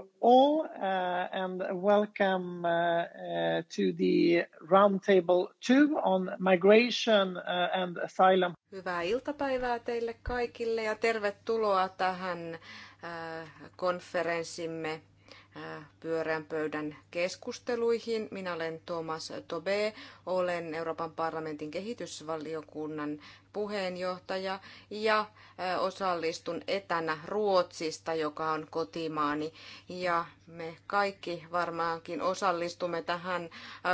you all, uh, and welcome uh, uh, to the Roundtable 2 on Migration and Asylum. Hyvää iltapäivää teille kaikille ja tervetuloa tähän konferenssimme pyöreän pöydän keskusteluihin. Minä olen Thomas Tobe, olen Euroopan parlamentin kehitysvaliokunnan puheenjohtaja ja osallistun etänä Ruotsista, joka on kotimaani. Ja me kaikki varmaankin osallistumme tähän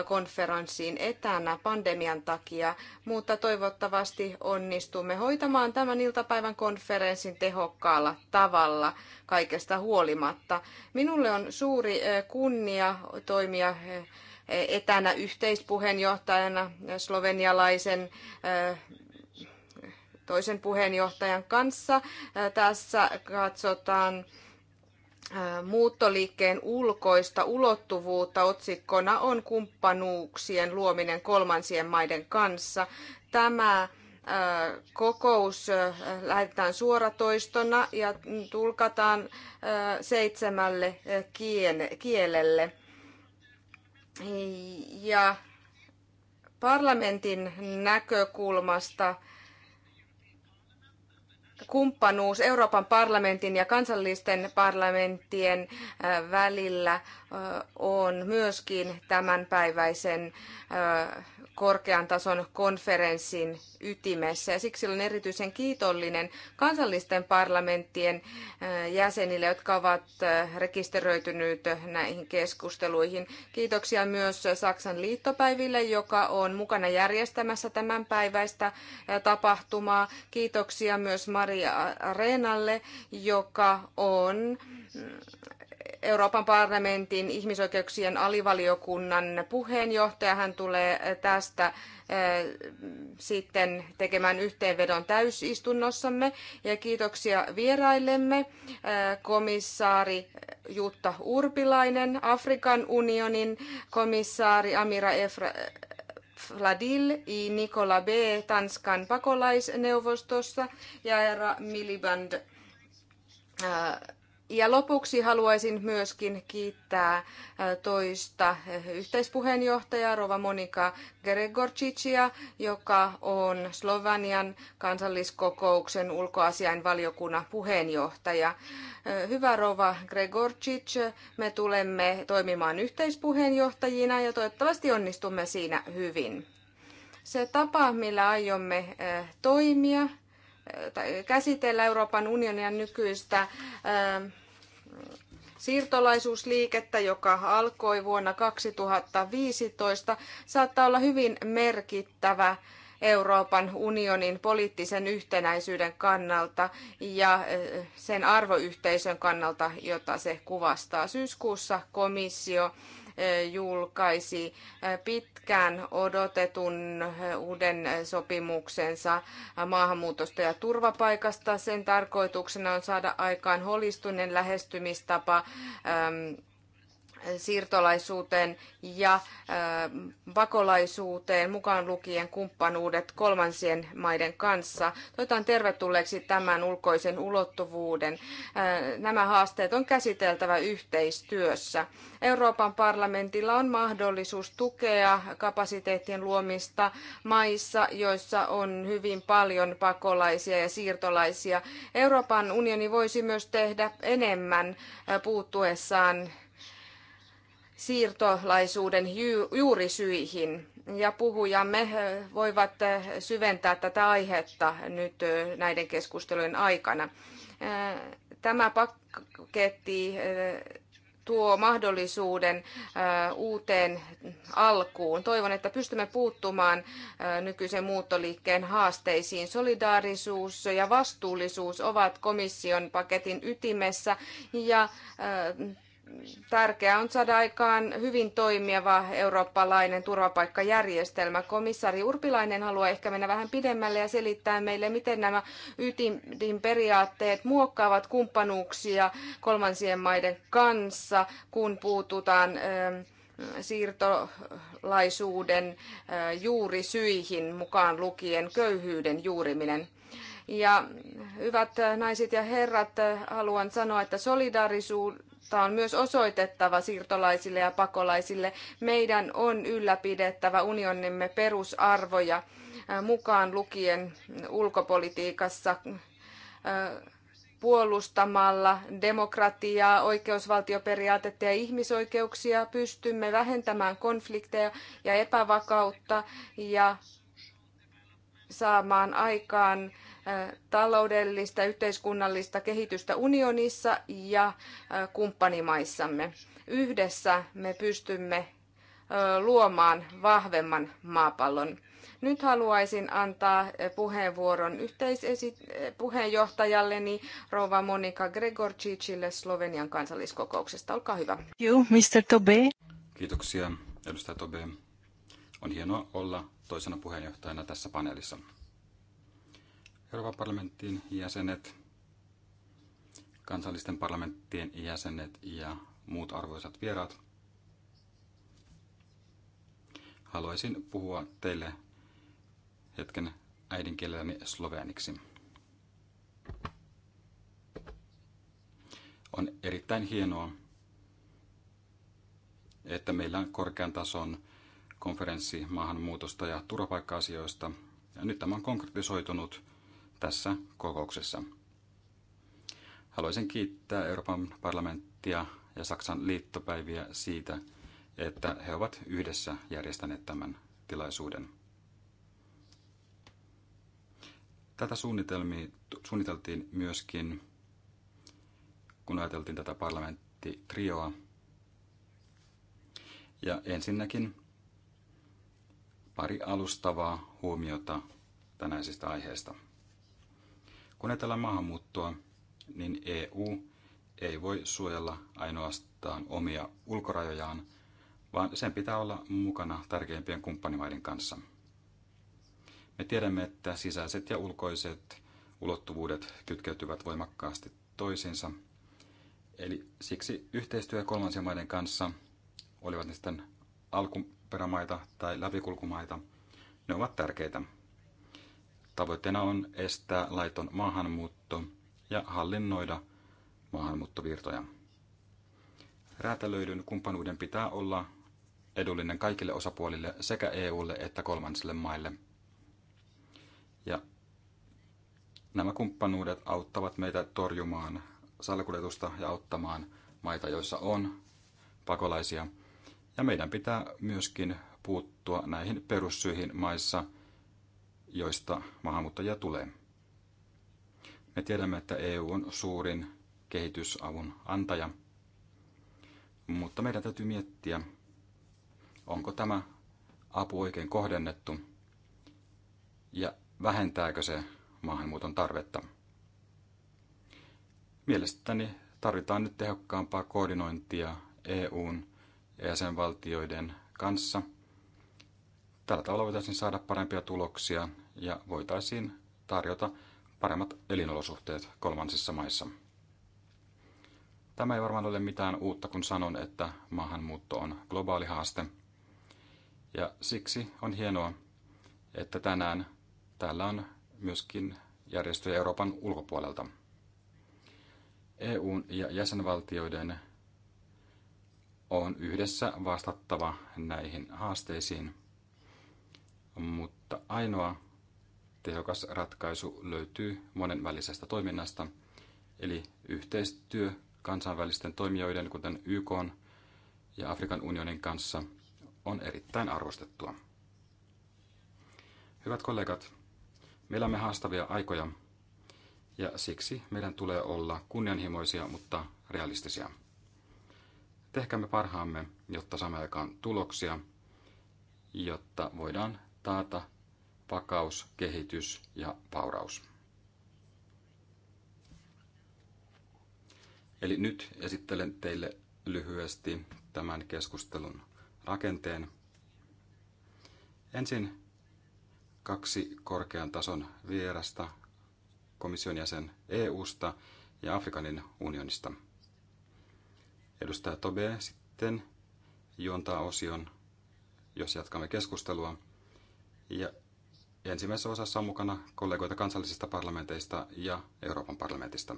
konferenssiin etänä pandemian takia, mutta toivottavasti onnistumme hoitamaan tämän iltapäivän konferenssin tehokkaalla tavalla kaikesta huolimatta. Minulle on suuri kunnia toimia etänä yhteispuheenjohtajana slovenialaisen toisen puheenjohtajan kanssa. Tässä katsotaan muuttoliikkeen ulkoista ulottuvuutta. Otsikkona on kumppanuuksien luominen kolmansien maiden kanssa. Tämä kokous lähetetään suoratoistona ja tulkataan seitsemälle kielelle. Ja parlamentin näkökulmasta – kumppanuus Euroopan parlamentin ja kansallisten parlamenttien välillä on myöskin tämänpäiväisen korkean tason konferenssin ytimessä. Ja siksi olen erityisen kiitollinen kansallisten parlamenttien äh, jäsenille, jotka ovat äh, rekisteröityneet näihin keskusteluihin. Kiitoksia myös Saksan liittopäiville, joka on mukana järjestämässä tämän päiväistä äh, tapahtumaa. Kiitoksia myös Maria Areenalle, joka on mm, Euroopan parlamentin ihmisoikeuksien alivaliokunnan puheenjohtaja. Hän tulee eh, tästä eh, sitten tekemään yhteenvedon täysistunnossamme. Ja kiitoksia vieraillemme eh, komissaari Jutta Urpilainen, Afrikan unionin komissaari Amira Efra, Vladil i Nikola B. Tanskan pakolaisneuvostossa ja herra Miliband ja lopuksi haluaisin myöskin kiittää toista yhteispuheenjohtajaa Rova Monika Gregorčićia, joka on Slovenian kansalliskokouksen ulkoasiainvaliokunnan puheenjohtaja. Hyvä Rova Gregorcic, me tulemme toimimaan yhteispuheenjohtajina ja toivottavasti onnistumme siinä hyvin. Se tapa, millä aiomme toimia, käsitellä Euroopan unionin nykyistä siirtolaisuusliikettä, joka alkoi vuonna 2015, saattaa olla hyvin merkittävä Euroopan unionin poliittisen yhtenäisyyden kannalta ja sen arvoyhteisön kannalta, jota se kuvastaa. Syyskuussa komissio Eh, julkaisi eh, pitkään odotetun eh, uuden sopimuksensa maahanmuutosta ja turvapaikasta. Sen tarkoituksena on saada aikaan holistuneen lähestymistapa ehm, siirtolaisuuteen ja pakolaisuuteen, mukaan lukien kumppanuudet kolmansien maiden kanssa. Toivotan tervetulleeksi tämän ulkoisen ulottuvuuden. Nämä haasteet on käsiteltävä yhteistyössä. Euroopan parlamentilla on mahdollisuus tukea kapasiteettien luomista maissa, joissa on hyvin paljon pakolaisia ja siirtolaisia. Euroopan unioni voisi myös tehdä enemmän puuttuessaan siirtolaisuuden juurisyihin. Ja puhujamme voivat syventää tätä aihetta nyt näiden keskustelujen aikana. Tämä paketti tuo mahdollisuuden uuteen alkuun. Toivon, että pystymme puuttumaan nykyisen muuttoliikkeen haasteisiin. Solidaarisuus ja vastuullisuus ovat komission paketin ytimessä ja tärkeää on saada aikaan hyvin toimiva eurooppalainen turvapaikkajärjestelmä. Komissaari Urpilainen haluaa ehkä mennä vähän pidemmälle ja selittää meille, miten nämä YTIMin periaatteet muokkaavat kumppanuuksia kolmansien maiden kanssa, kun puututaan siirtolaisuuden juurisyihin mukaan lukien köyhyyden juuriminen. Ja hyvät naiset ja herrat, haluan sanoa, että solidaarisuus mutta on myös osoitettava siirtolaisille ja pakolaisille. Meidän on ylläpidettävä unionimme perusarvoja äh, mukaan lukien ulkopolitiikassa äh, puolustamalla demokratiaa, oikeusvaltioperiaatetta ja ihmisoikeuksia pystymme vähentämään konflikteja ja epävakautta ja saamaan aikaan taloudellista, ja yhteiskunnallista kehitystä unionissa ja kumppanimaissamme. Yhdessä me pystymme luomaan vahvemman maapallon. Nyt haluaisin antaa puheenvuoron yhteisesi- puheenjohtajalleni rouva Monika Gregorcicille Slovenian kansalliskokouksesta. Olkaa hyvä. You, Mr. Tobe. Kiitoksia, edustaja Tobe. On hienoa olla toisena puheenjohtajana tässä paneelissa. Euroopan parlamenttiin jäsenet, kansallisten parlamenttien jäsenet ja muut arvoisat vieraat. Haluaisin puhua teille hetken äidinkielelläni sloveniksi. On erittäin hienoa, että meillä on korkean tason konferenssi maahanmuutosta ja turvapaikka-asioista. Ja nyt tämä on konkretisoitunut – tässä kokouksessa. Haluaisin kiittää Euroopan parlamenttia ja Saksan liittopäiviä siitä, että he ovat yhdessä järjestäneet tämän tilaisuuden. Tätä suunniteltiin myöskin, kun ajateltiin tätä parlamenttitrioa. Ja ensinnäkin pari alustavaa huomiota tänäisistä aiheista. Kun ajatellaan maahanmuuttoa, niin EU ei voi suojella ainoastaan omia ulkorajojaan, vaan sen pitää olla mukana tärkeimpien kumppanimaiden kanssa. Me tiedämme, että sisäiset ja ulkoiset ulottuvuudet kytkeytyvät voimakkaasti toisiinsa. Eli siksi yhteistyö kolmansien maiden kanssa, olivat ne sitten alkuperämaita tai läpikulkumaita, ne ovat tärkeitä. Tavoitteena on estää laiton maahanmuutto ja hallinnoida maahanmuuttovirtoja. Räätälöidyn kumppanuuden pitää olla edullinen kaikille osapuolille sekä EUlle että kolmansille maille. Ja nämä kumppanuudet auttavat meitä torjumaan salakuljetusta ja auttamaan maita, joissa on pakolaisia. Ja meidän pitää myöskin puuttua näihin perussyihin maissa – joista maahanmuuttajia tulee. Me tiedämme, että EU on suurin kehitysavun antaja, mutta meidän täytyy miettiä, onko tämä apu oikein kohdennettu ja vähentääkö se maahanmuuton tarvetta. Mielestäni tarvitaan nyt tehokkaampaa koordinointia EUn ja jäsenvaltioiden kanssa. Tällä tavalla voitaisiin saada parempia tuloksia ja voitaisiin tarjota paremmat elinolosuhteet kolmansissa maissa. Tämä ei varmaan ole mitään uutta, kun sanon, että maahanmuutto on globaali haaste. Ja siksi on hienoa, että tänään täällä on myöskin järjestöjä Euroopan ulkopuolelta. EUn ja jäsenvaltioiden on yhdessä vastattava näihin haasteisiin, mutta ainoa tehokas ratkaisu löytyy monenvälisestä toiminnasta, eli yhteistyö kansainvälisten toimijoiden, kuten YK ja Afrikan unionin kanssa, on erittäin arvostettua. Hyvät kollegat, me elämme haastavia aikoja, ja siksi meidän tulee olla kunnianhimoisia, mutta realistisia. Tehkäämme parhaamme, jotta saamme aikaan tuloksia, jotta voidaan taata vakaus, kehitys ja vauraus. Eli nyt esittelen teille lyhyesti tämän keskustelun rakenteen. Ensin kaksi korkean tason vierasta, komission jäsen EUsta ja Afrikanin unionista. Edustaja Tobe sitten juontaa osion, jos jatkamme keskustelua. Ja Ensimmäisessä osassa on mukana kollegoita kansallisista parlamenteista ja Euroopan parlamentista.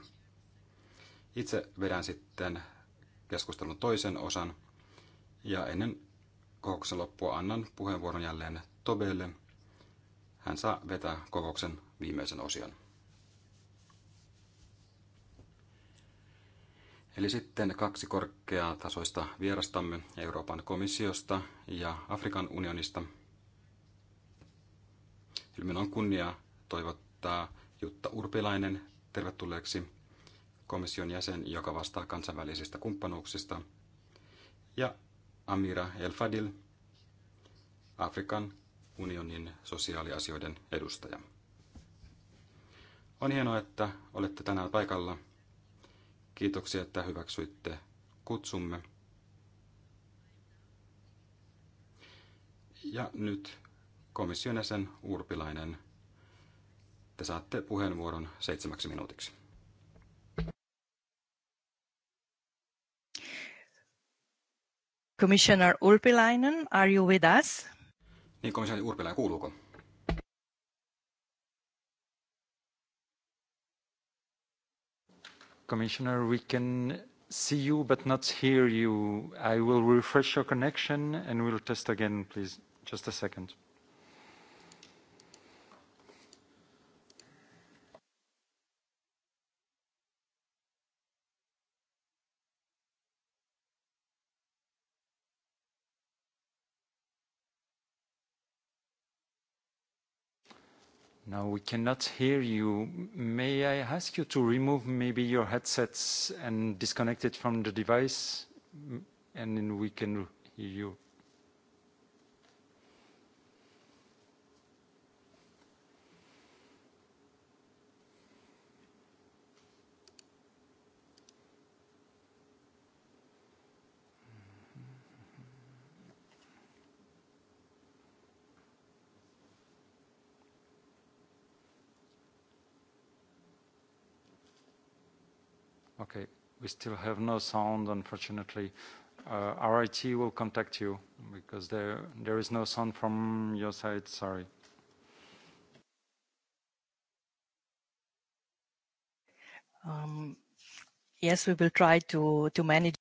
Itse vedän sitten keskustelun toisen osan ja ennen kokouksen loppua annan puheenvuoron jälleen Tobelle. Hän saa vetää kokouksen viimeisen osion. Eli sitten kaksi korkeatasoista vierastamme Euroopan komissiosta ja Afrikan unionista – Kyllä meillä on kunnia toivottaa Jutta Urpilainen tervetulleeksi komission jäsen, joka vastaa kansainvälisistä kumppanuuksista, ja Amira El-Fadil, Afrikan unionin sosiaaliasioiden edustaja. On hienoa, että olette tänään paikalla. Kiitoksia, että hyväksyitte kutsumme. Ja nyt komission jäsen Urpilainen. Te saatte puheenvuoron seitsemäksi minuutiksi. Commissioner Urpilainen, are you with us? Niin, komissaari Urpilainen, kuuluuko? Commissioner, we can see you but not hear you. I will refresh your connection and we'll test again, please. Just a second. Now we cannot hear you. May I ask you to remove maybe your headsets and disconnect it from the device, and then we can hear you We still have no sound, unfortunately. Our uh, IT will contact you because there is no sound from your side. Sorry. Um, yes, we will try to manage.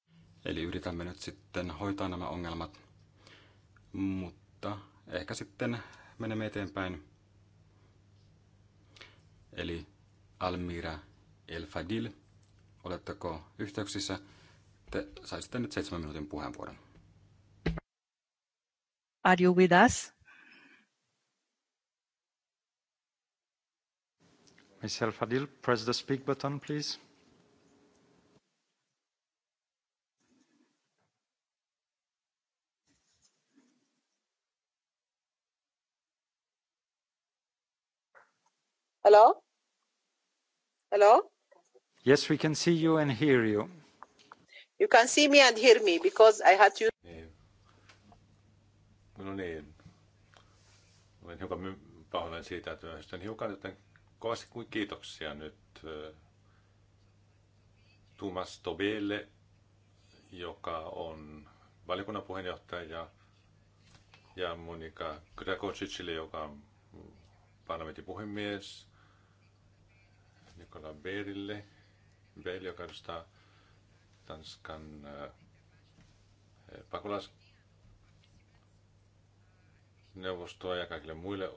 Eli yritämme nyt sitten hoitaa nämä ongelmat, mutta ehkä sitten menemme eteenpäin. Eli Almira El Fadil Oletteko yhteyksissä? Te saisitte nyt seitsemän minuutin puheenvuoron. Are you with us? Michel Fadil, press the speak button, please. Hello? Hello? Yes, we can see you and hear you. You can see me and hear me because I had you. Niin. No niin. Olen hiukan pahoillani siitä, että myöhästyn niin hiukan, joten kovasti kuin kiitoksia nyt Tuomas Tobelle, joka on valiokunnan puheenjohtaja ja, ja Monika Gregoricille, joka on parlamentin puhemies, Nikola Beerille, Bell, joka edustaa Tanskan äh, pakolaisneuvostoa ja kaikille muille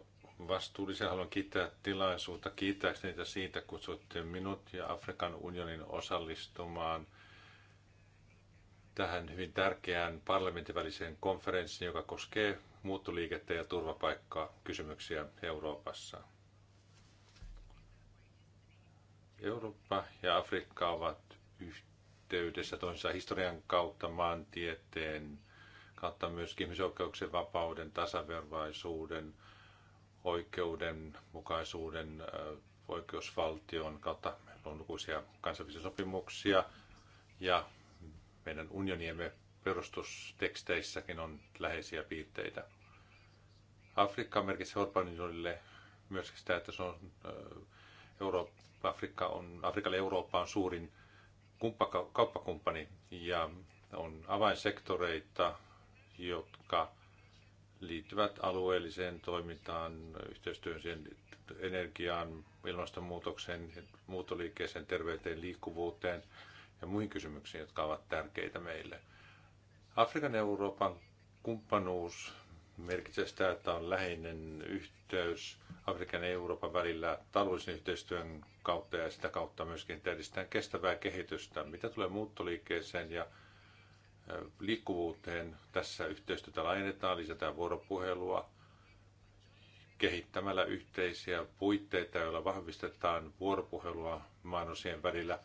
vastuullisia. Haluan kiittää tilaisuutta, kiittääkseni niitä siitä, kutsuitte minut ja Afrikan unionin osallistumaan tähän hyvin tärkeään parlamentin konferenssiin, joka koskee muuttoliikettä ja turvapaikkaa kysymyksiä Euroopassa. Eurooppa ja Afrikka ovat yhteydessä toisensa historian kautta, maantieteen kautta myöskin ihmisoikeuksien, vapauden, tasavervaisuuden, oikeudenmukaisuuden, oikeusvaltion kautta. Meillä on lukuisia kansainvälisiä sopimuksia ja meidän unioniemme perustusteksteissäkin on läheisiä piirteitä. Afrikka merkitsee Orbanille myös sitä, että se on Eurooppa, Afrikka on, Afrikalle Eurooppa on suurin kauppakumppani ja on avainsektoreita, jotka liittyvät alueelliseen toimintaan, siihen energiaan, ilmastonmuutokseen, muuttoliikkeeseen, terveyteen, liikkuvuuteen ja muihin kysymyksiin, jotka ovat tärkeitä meille. Afrikan ja Euroopan kumppanuus merkitsee sitä, että on läheinen yhteys Afrikan ja Euroopan välillä taloudellisen yhteistyön kautta ja sitä kautta myöskin edistetään kestävää kehitystä. Mitä tulee muuttoliikkeeseen ja liikkuvuuteen, tässä yhteistyötä laajennetaan, lisätään vuoropuhelua kehittämällä yhteisiä puitteita, joilla vahvistetaan vuoropuhelua maanosien välillä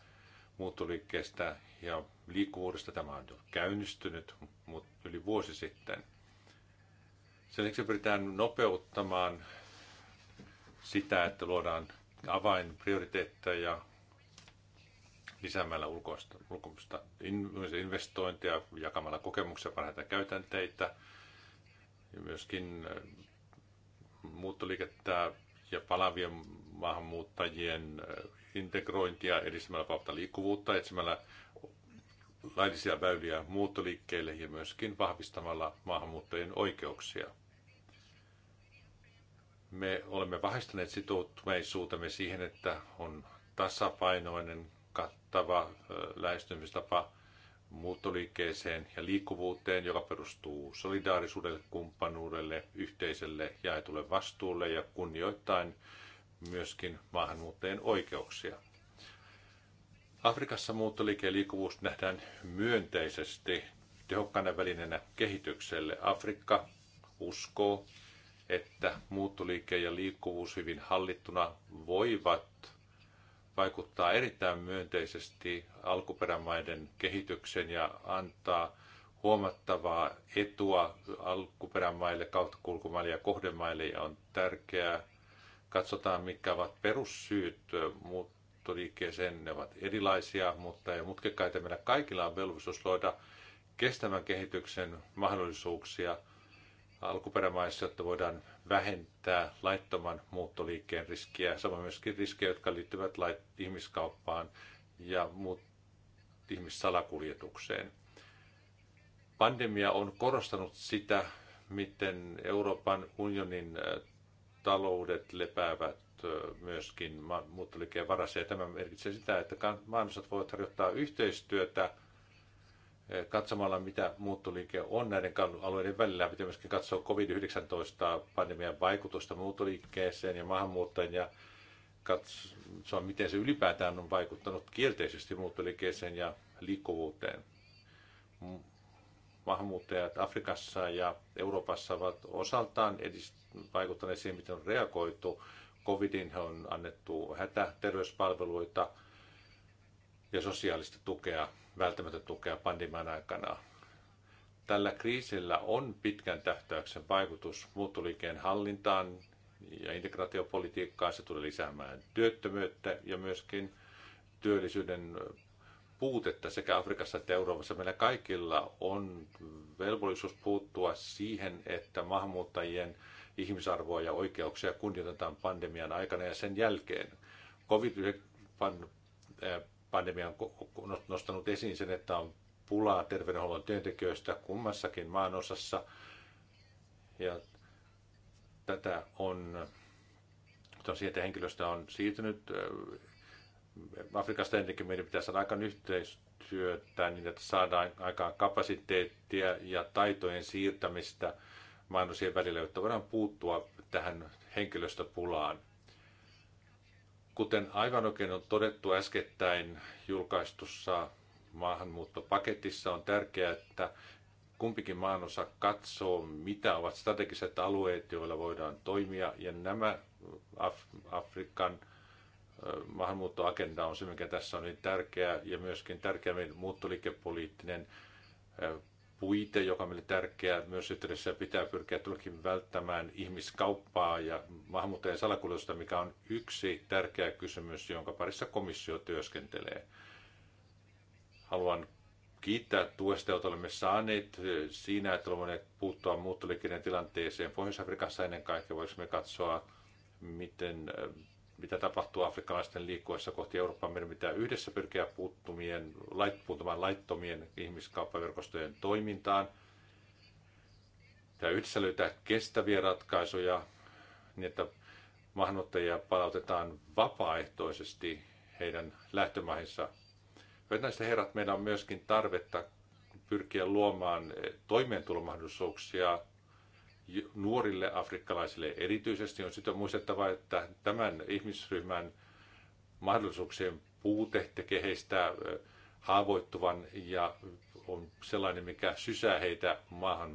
muuttoliikkeestä ja liikkuvuudesta. Tämä on jo käynnistynyt, mutta yli vuosi sitten – sen lisäksi pyritään nopeuttamaan sitä, että luodaan avainprioriteetteja lisäämällä ulkoista, ulkoista investointia, jakamalla kokemuksia, parhaita käytänteitä ja myöskin äh, muuttoliikettä ja palavien maahanmuuttajien äh, integrointia edistämällä vapaata liikkuvuutta, etsimällä laillisia väyliä muuttoliikkeelle ja myöskin vahvistamalla maahanmuuttajien oikeuksia. Me olemme vahvistaneet sitoutuneisuutemme siihen, että on tasapainoinen, kattava lähestymistapa muuttoliikkeeseen ja liikkuvuuteen, joka perustuu solidaarisuudelle, kumppanuudelle, yhteiselle jaetulle vastuulle ja kunnioittain myöskin maahanmuuttajien oikeuksia. Afrikassa muuttoliike ja liikkuvuus nähdään myönteisesti tehokkaana välineenä kehitykselle. Afrikka uskoo että muuttoliike ja liikkuvuus hyvin hallittuna voivat vaikuttaa erittäin myönteisesti alkuperämaiden kehityksen ja antaa huomattavaa etua alkuperämaille, kauttakulkumaille ja kohdemaille ja on tärkeää. Katsotaan, mitkä ovat perussyyt muuttoliikkeeseen. Ne ovat erilaisia, mutta ei mutkekkaita. Meillä kaikilla on velvollisuus luoda kestävän kehityksen mahdollisuuksia – alkuperämaissa, jotta voidaan vähentää laittoman muuttoliikkeen riskiä, samoin myöskin riskejä, jotka liittyvät ihmiskauppaan ja muut ihmissalakuljetukseen. Pandemia on korostanut sitä, miten Euroopan unionin äh, taloudet lepäävät äh, myöskin muuttoliikkeen varassa. Ja tämä merkitsee sitä, että maanosat voivat harjoittaa yhteistyötä – Eh, katsomalla, mitä muuttoliike on näiden alueiden välillä. Pitää myöskin katsoa COVID-19-pandemian vaikutusta muuttoliikkeeseen ja maahanmuuttajien ja katsoa, miten se ylipäätään on vaikuttanut kielteisesti muuttoliikkeeseen ja liikkuvuuteen. Maahanmuuttajat Afrikassa ja Euroopassa ovat osaltaan edist- vaikuttaneet siihen, miten on reagoitu. Covidin on annettu hätäterveyspalveluita – ja sosiaalista tukea, välttämätöntä tukea pandemian aikana. Tällä kriisillä on pitkän tähtäyksen vaikutus muuttoliikkeen hallintaan ja integraatiopolitiikkaan. Se tulee lisäämään työttömyyttä ja myöskin työllisyyden puutetta sekä Afrikassa että Euroopassa. Meillä kaikilla on velvollisuus puuttua siihen, että maahanmuuttajien ihmisarvoa ja oikeuksia kunnioitetaan pandemian aikana ja sen jälkeen. covid pandemia on no, nostanut esiin sen, että on pulaa terveydenhuollon työntekijöistä kummassakin maanosassa. Ja tätä on, on sieltä että henkilöstö on siirtynyt äh, Afrikasta ennenkin meidän pitää saada aikaan yhteistyötä niin, että saadaan aikaan kapasiteettia ja taitojen siirtämistä maanosien välillä, jotta voidaan puuttua tähän henkilöstöpulaan. Kuten aivan oikein on todettu äskettäin julkaistussa maahanmuuttopaketissa, on tärkeää, että kumpikin maanosa katsoo, mitä ovat strategiset alueet, joilla voidaan toimia. Ja nämä Af- Afrikan maahanmuuttoagenda on se, mikä tässä on niin tärkeää, ja myöskin tärkeä muuttoliikepoliittinen puite, joka on meille tärkeä. Myös yhteydessä pitää pyrkiä tulkin välttämään ihmiskauppaa ja maahanmuuttajien salakuljetusta, mikä on yksi tärkeä kysymys, jonka parissa komissio työskentelee. Haluan kiittää tuesta, jota olemme saaneet siinä, että olemme puuttua muuttoliikkeiden tilanteeseen Pohjois-Afrikassa ennen kaikkea. Voisimme katsoa, miten mitä tapahtuu afrikkalaisten liikkuessa kohti Eurooppaa. Meidän pitää yhdessä pyrkiä puuttumien, lait, puuttumaan laittomien ihmiskauppaverkostojen toimintaan. Tämä yhdessä löytää kestäviä ratkaisuja niin, että maahanmuuttajia palautetaan vapaaehtoisesti heidän lähtömaihinsa. Hyvät näistä herrat, meillä on myöskin tarvetta pyrkiä luomaan toimeentulomahdollisuuksia nuorille afrikkalaisille erityisesti. On sitten muistettava, että tämän ihmisryhmän mahdollisuuksien puute tekee heistä haavoittuvan ja on sellainen, mikä sysää heitä maahan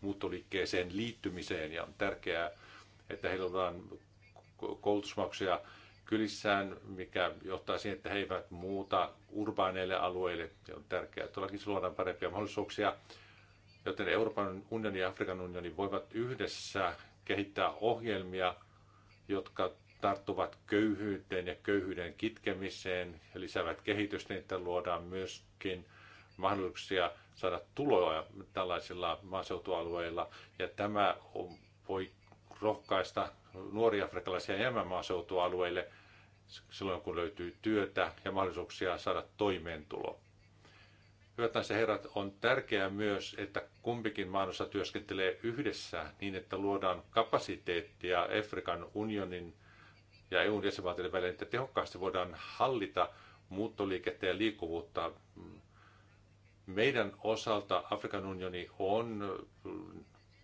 muuttoliikkeeseen liittymiseen ja on tärkeää, että heillä on koulutusmaksuja kylissään, mikä johtaa siihen, että he eivät muuta urbaaneille alueille. Ja on tärkeää, että luodaan parempia mahdollisuuksia Joten Euroopan unioni ja Afrikan unioni voivat yhdessä kehittää ohjelmia, jotka tarttuvat köyhyyteen ja köyhyyden kitkemiseen ja lisäävät kehitystä, niin että luodaan myöskin mahdollisuuksia saada tuloja tällaisilla maaseutualueilla. Ja tämä on, voi rohkaista nuoria afrikkalaisia jäämään maaseutualueille silloin, kun löytyy työtä ja mahdollisuuksia saada toimeentulo. Hyvät herrat, on tärkeää myös, että kumpikin maanosa työskentelee yhdessä niin, että luodaan kapasiteettia Afrikan unionin ja EUn jäsenvaltioiden välillä, että tehokkaasti voidaan hallita muuttoliikettä ja liikkuvuutta. Meidän osalta Afrikan unioni on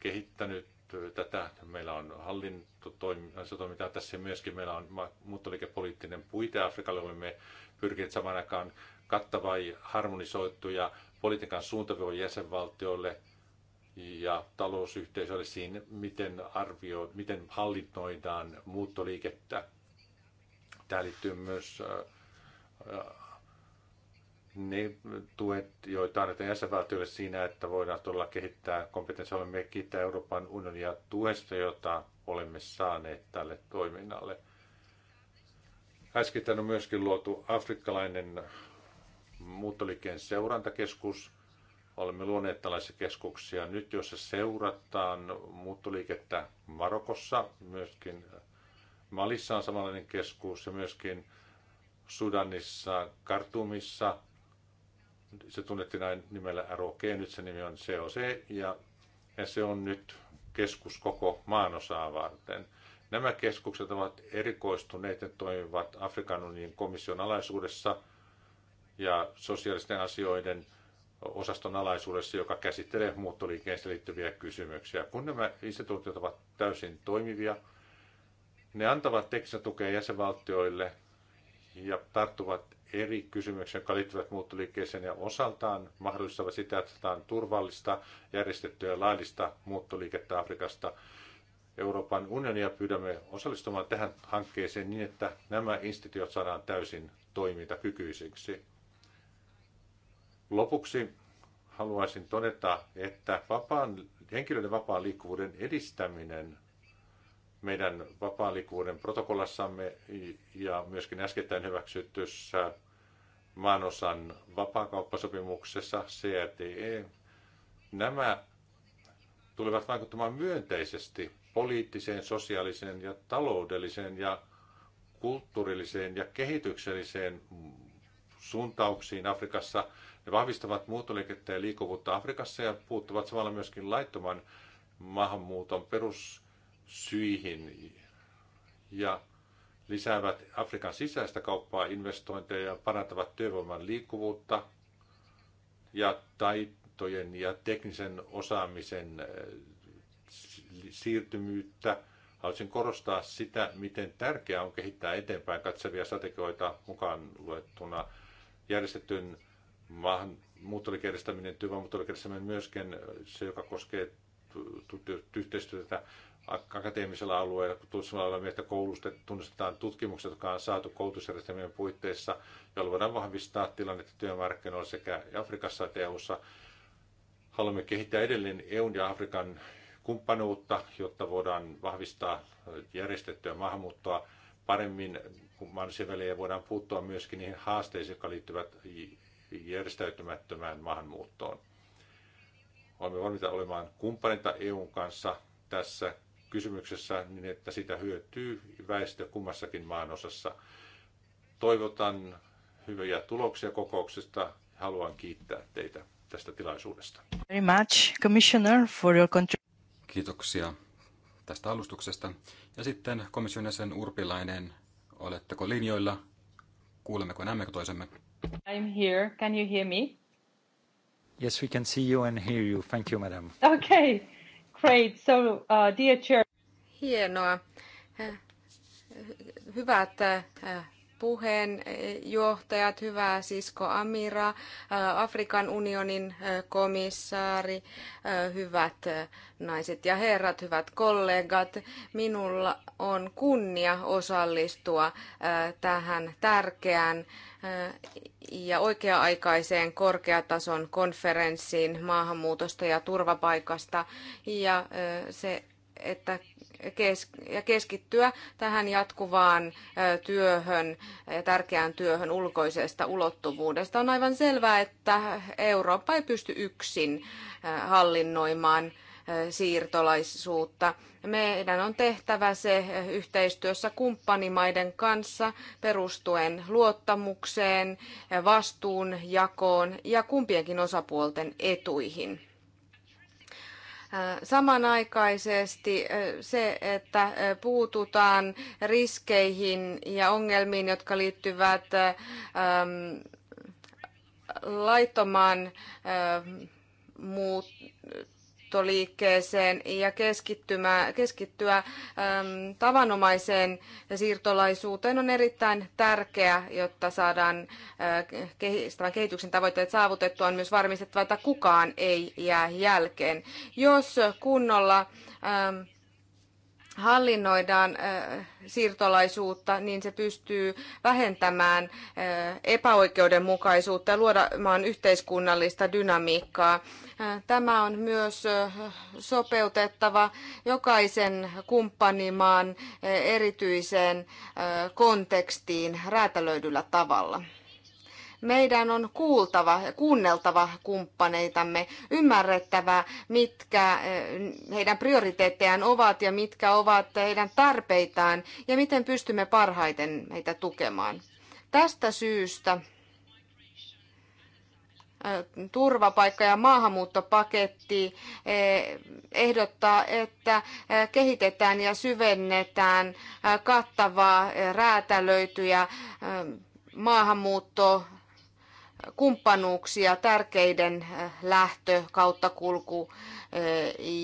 kehittänyt tätä. Meillä on hallintotoimintaa tässä myöskin. Meillä on muuttoliikepoliittinen puite Afrikalle. Olemme pyrkineet samaan aikaan harmonisoitu harmonisoituja politiikan suuntaviivoja jäsenvaltioille ja talousyhteisöille siinä, miten, arvio, miten hallinnoidaan muuttoliikettä. Tämä liittyy myös äh, äh, ne tuet, joita annetaan jäsenvaltioille siinä, että voidaan todella kehittää kompetenssia. Olemme kiittää Euroopan unionia tuesta, jota olemme saaneet tälle toiminnalle. Äsken on myöskin luotu afrikkalainen muuttoliikkeen seurantakeskus. Olemme luoneet tällaisia keskuksia nyt, joissa seurataan muuttoliikettä Marokossa, myöskin Malissa on samanlainen keskus ja myöskin Sudanissa, Kartumissa. Se tunnettiin näin nimellä ROG, nyt se nimi on COC ja, ja se on nyt keskus koko maanosaa varten. Nämä keskukset ovat erikoistuneet ja toimivat Afrikan unionin komission alaisuudessa – ja sosiaalisten asioiden osaston alaisuudessa, joka käsittelee muuttoliikkeeseen liittyviä kysymyksiä. Kun nämä instituutiot ovat täysin toimivia, ne antavat teknistä tukea jäsenvaltioille ja tarttuvat eri kysymyksiä, jotka liittyvät muuttoliikkeeseen ja osaltaan mahdollistavat sitä, että on turvallista, järjestettyä ja laillista muuttoliikettä Afrikasta. Euroopan unionia pyydämme osallistumaan tähän hankkeeseen niin, että nämä instituutiot saadaan täysin toimintakykyisiksi. Lopuksi haluaisin todeta, että vapaan, henkilöiden vapaan liikkuvuuden edistäminen meidän vapaan liikkuvuuden protokollassamme ja myöskin äskettäin hyväksytyssä maanosan vapaakauppasopimuksessa CRTE, nämä tulevat vaikuttamaan myönteisesti poliittiseen, sosiaaliseen ja taloudelliseen ja kulttuurilliseen ja kehitykselliseen suuntauksiin Afrikassa ne vahvistavat muuttoliikettä ja liikkuvuutta Afrikassa ja puuttuvat samalla myöskin laittoman maahanmuuton perussyihin ja lisäävät Afrikan sisäistä kauppaa, investointeja ja parantavat työvoiman liikkuvuutta ja taitojen ja teknisen osaamisen äh, siirtymyyttä. Haluaisin korostaa sitä, miten tärkeää on kehittää eteenpäin katsevia strategioita mukaan luettuna järjestetyn maahan muuttolikerstäminen, työvoimamuuttolikerstäminen myöskin se, joka koskee yhteistyötä akateemisella alueella, kun tutkimuksella alueella, miettä koulusta tunnistetaan tutkimukset, jotka on saatu koulutusjärjestelmien puitteissa, joilla voidaan vahvistaa tilannetta työmarkkinoilla sekä Afrikassa että EUssa. Haluamme kehittää edelleen EUn ja Afrikan kumppanuutta, jotta voidaan vahvistaa järjestettyä maahanmuuttoa paremmin, kun mahdollisimman välejä voidaan puuttua myöskin niihin haasteisiin, jotka liittyvät järjestäytymättömään maahanmuuttoon. Olemme valmiita olemaan kumppanita EUn kanssa tässä kysymyksessä niin, että sitä hyötyy väestö kummassakin maanosassa. Toivotan hyviä tuloksia kokouksesta. Haluan kiittää teitä tästä tilaisuudesta. Very much, Commissioner, for your Kiitoksia tästä alustuksesta. Ja sitten komission jäsen Urpilainen, oletteko linjoilla? Kuulemmeko, näemmekö toisemme? I'm here. Can you hear me? Yes, we can see you and hear you. Thank you, madam. Okay, great. So, uh, dear chair. Hienoa. Hyvä, että äh, puheenjohtajat, eh, hyvää sisko Amira, eh, Afrikan unionin eh, komissaari, hyvät naiset ja herrat, hyvät kollegat. Minulla on kunnia osallistua tähän tärkeään ja oikea-aikaiseen korkeatason konferenssiin maahanmuutosta ja turvapaikasta. Ja se että kes- ja keskittyä tähän jatkuvaan työhön ja tärkeään työhön ulkoisesta ulottuvuudesta. On aivan selvää, että Eurooppa ei pysty yksin hallinnoimaan siirtolaisuutta. Meidän on tehtävä se yhteistyössä kumppanimaiden kanssa perustuen luottamukseen, vastuunjakoon ja kumpienkin osapuolten etuihin. Samanaikaisesti se, että puututaan riskeihin ja ongelmiin, jotka liittyvät laittomaan muut muuttoliikkeeseen ja keskittyä äm, tavanomaiseen siirtolaisuuteen on erittäin tärkeä, jotta saadaan äh, kestävän kehityksen tavoitteet saavutettua. On myös varmistettava, että kukaan ei jää jälkeen. Jos kunnolla äm, hallinnoidaan siirtolaisuutta, niin se pystyy vähentämään epäoikeudenmukaisuutta ja luomaan yhteiskunnallista dynamiikkaa. Tämä on myös sopeutettava jokaisen kumppanimaan erityiseen kontekstiin räätälöidyllä tavalla. Meidän on kuultava, kuunneltava kumppaneitamme, ymmärrettävä, mitkä eh, heidän prioriteettejaan ovat ja mitkä ovat heidän tarpeitaan ja miten pystymme parhaiten heitä tukemaan. Tästä syystä eh, turvapaikka- ja maahanmuuttopaketti eh, ehdottaa, että kehitetään ja syvennetään kattavaa räätälöityjä maahanmuutto kumppanuuksia tärkeiden lähtö, kauttakulku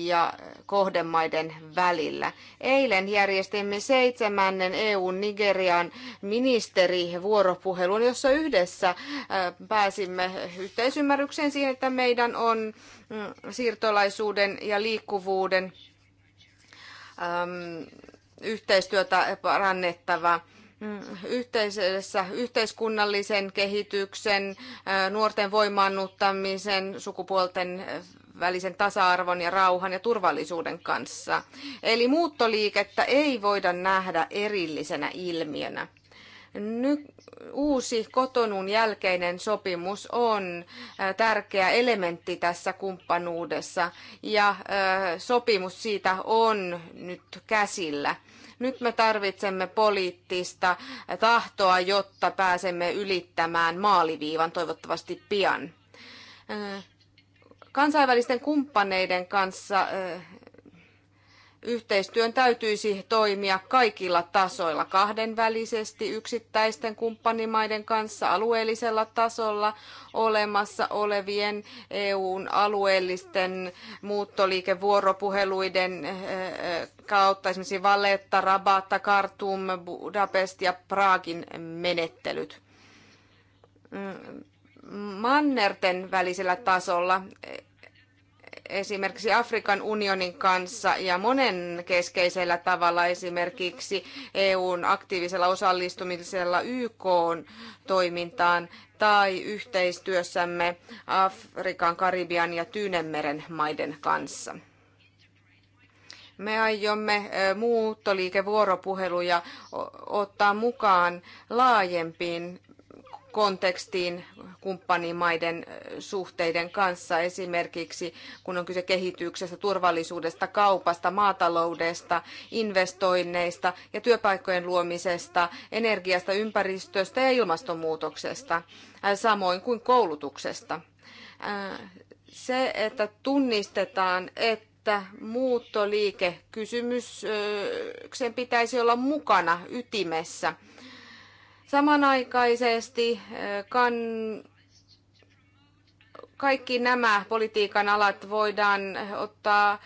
ja kohdemaiden välillä. Eilen järjestimme seitsemännen EUn Nigerian ministerivuoropuhelun, jossa yhdessä pääsimme yhteisymmärrykseen siihen, että meidän on mm, siirtolaisuuden ja liikkuvuuden yhteistyötä parannettava yhteisessä yhteiskunnallisen kehityksen, nuorten voimaannuttamisen, sukupuolten välisen tasa-arvon ja rauhan ja turvallisuuden kanssa. Eli muuttoliikettä ei voida nähdä erillisenä ilmiönä. Ny- uusi kotonun jälkeinen sopimus on tärkeä elementti tässä kumppanuudessa ja sopimus siitä on nyt käsillä. Nyt me tarvitsemme poliittista tahtoa, jotta pääsemme ylittämään maaliviivan toivottavasti pian kansainvälisten kumppaneiden kanssa Yhteistyön täytyisi toimia kaikilla tasoilla, kahdenvälisesti, yksittäisten kumppanimaiden kanssa, alueellisella tasolla, olemassa olevien EUn alueellisten muuttoliikevuoropuheluiden eh, eh, kautta, esimerkiksi Valletta, Rabatta, Khartoum, Budapest ja Praagin menettelyt mm, mannerten välisellä tasolla esimerkiksi Afrikan unionin kanssa ja monen keskeisellä tavalla esimerkiksi EUn aktiivisella osallistumisella YK toimintaan tai yhteistyössämme Afrikan, Karibian ja Tyynenmeren maiden kanssa. Me aiomme muuttoliikevuoropuheluja ottaa mukaan laajempiin kontekstiin kumppanimaiden suhteiden kanssa, esimerkiksi kun on kyse kehityksestä, turvallisuudesta, kaupasta, maataloudesta, investoinneista ja työpaikkojen luomisesta, energiasta, ympäristöstä ja ilmastonmuutoksesta, samoin kuin koulutuksesta. Se, että tunnistetaan, että että muuttoliikekysymyksen pitäisi olla mukana ytimessä. Samanaikaisesti eh, kan, kaikki nämä politiikan alat voidaan ottaa eh,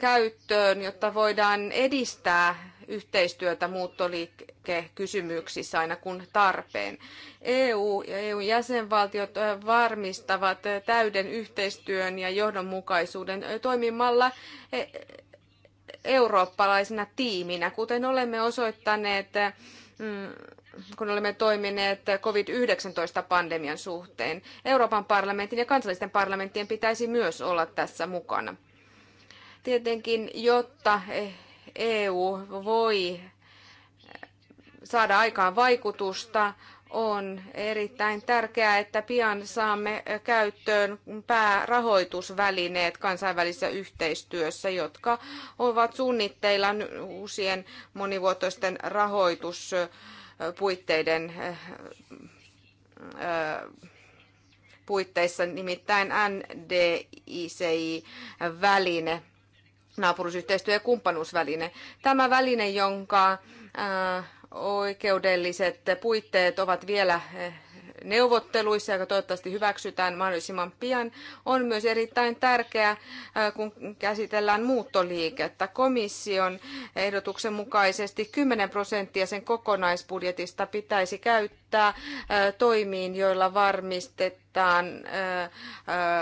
käyttöön, jotta voidaan edistää yhteistyötä muuttoliikekysymyksissä aina kun tarpeen. EU ja EUn jäsenvaltiot eh, varmistavat täyden yhteistyön ja johdonmukaisuuden toimimalla eurooppalaisena tiiminä, kuten olemme osoittaneet mm, kun olemme toimineet COVID-19-pandemian suhteen. Euroopan parlamentin ja kansallisten parlamenttien pitäisi myös olla tässä mukana. Tietenkin, jotta EU voi eh, saada aikaan vaikutusta, on erittäin tärkeää, että pian saamme käyttöön päärahoitusvälineet kansainvälisessä yhteistyössä, jotka ovat suunnitteilla uusien monivuotoisten rahoitus- puitteiden eh, puitteissa, nimittäin NDICI-väline, naapurusyhteistyö- ja kumppanuusväline. Tämä väline, jonka eh, oikeudelliset puitteet ovat vielä eh, neuvotteluissa, joka toivottavasti hyväksytään mahdollisimman pian, on myös erittäin tärkeä, äh, kun käsitellään muuttoliikettä. Komission ehdotuksen mukaisesti 10 prosenttia sen kokonaisbudjetista pitäisi käyttää äh, toimiin, joilla varmistetaan äh,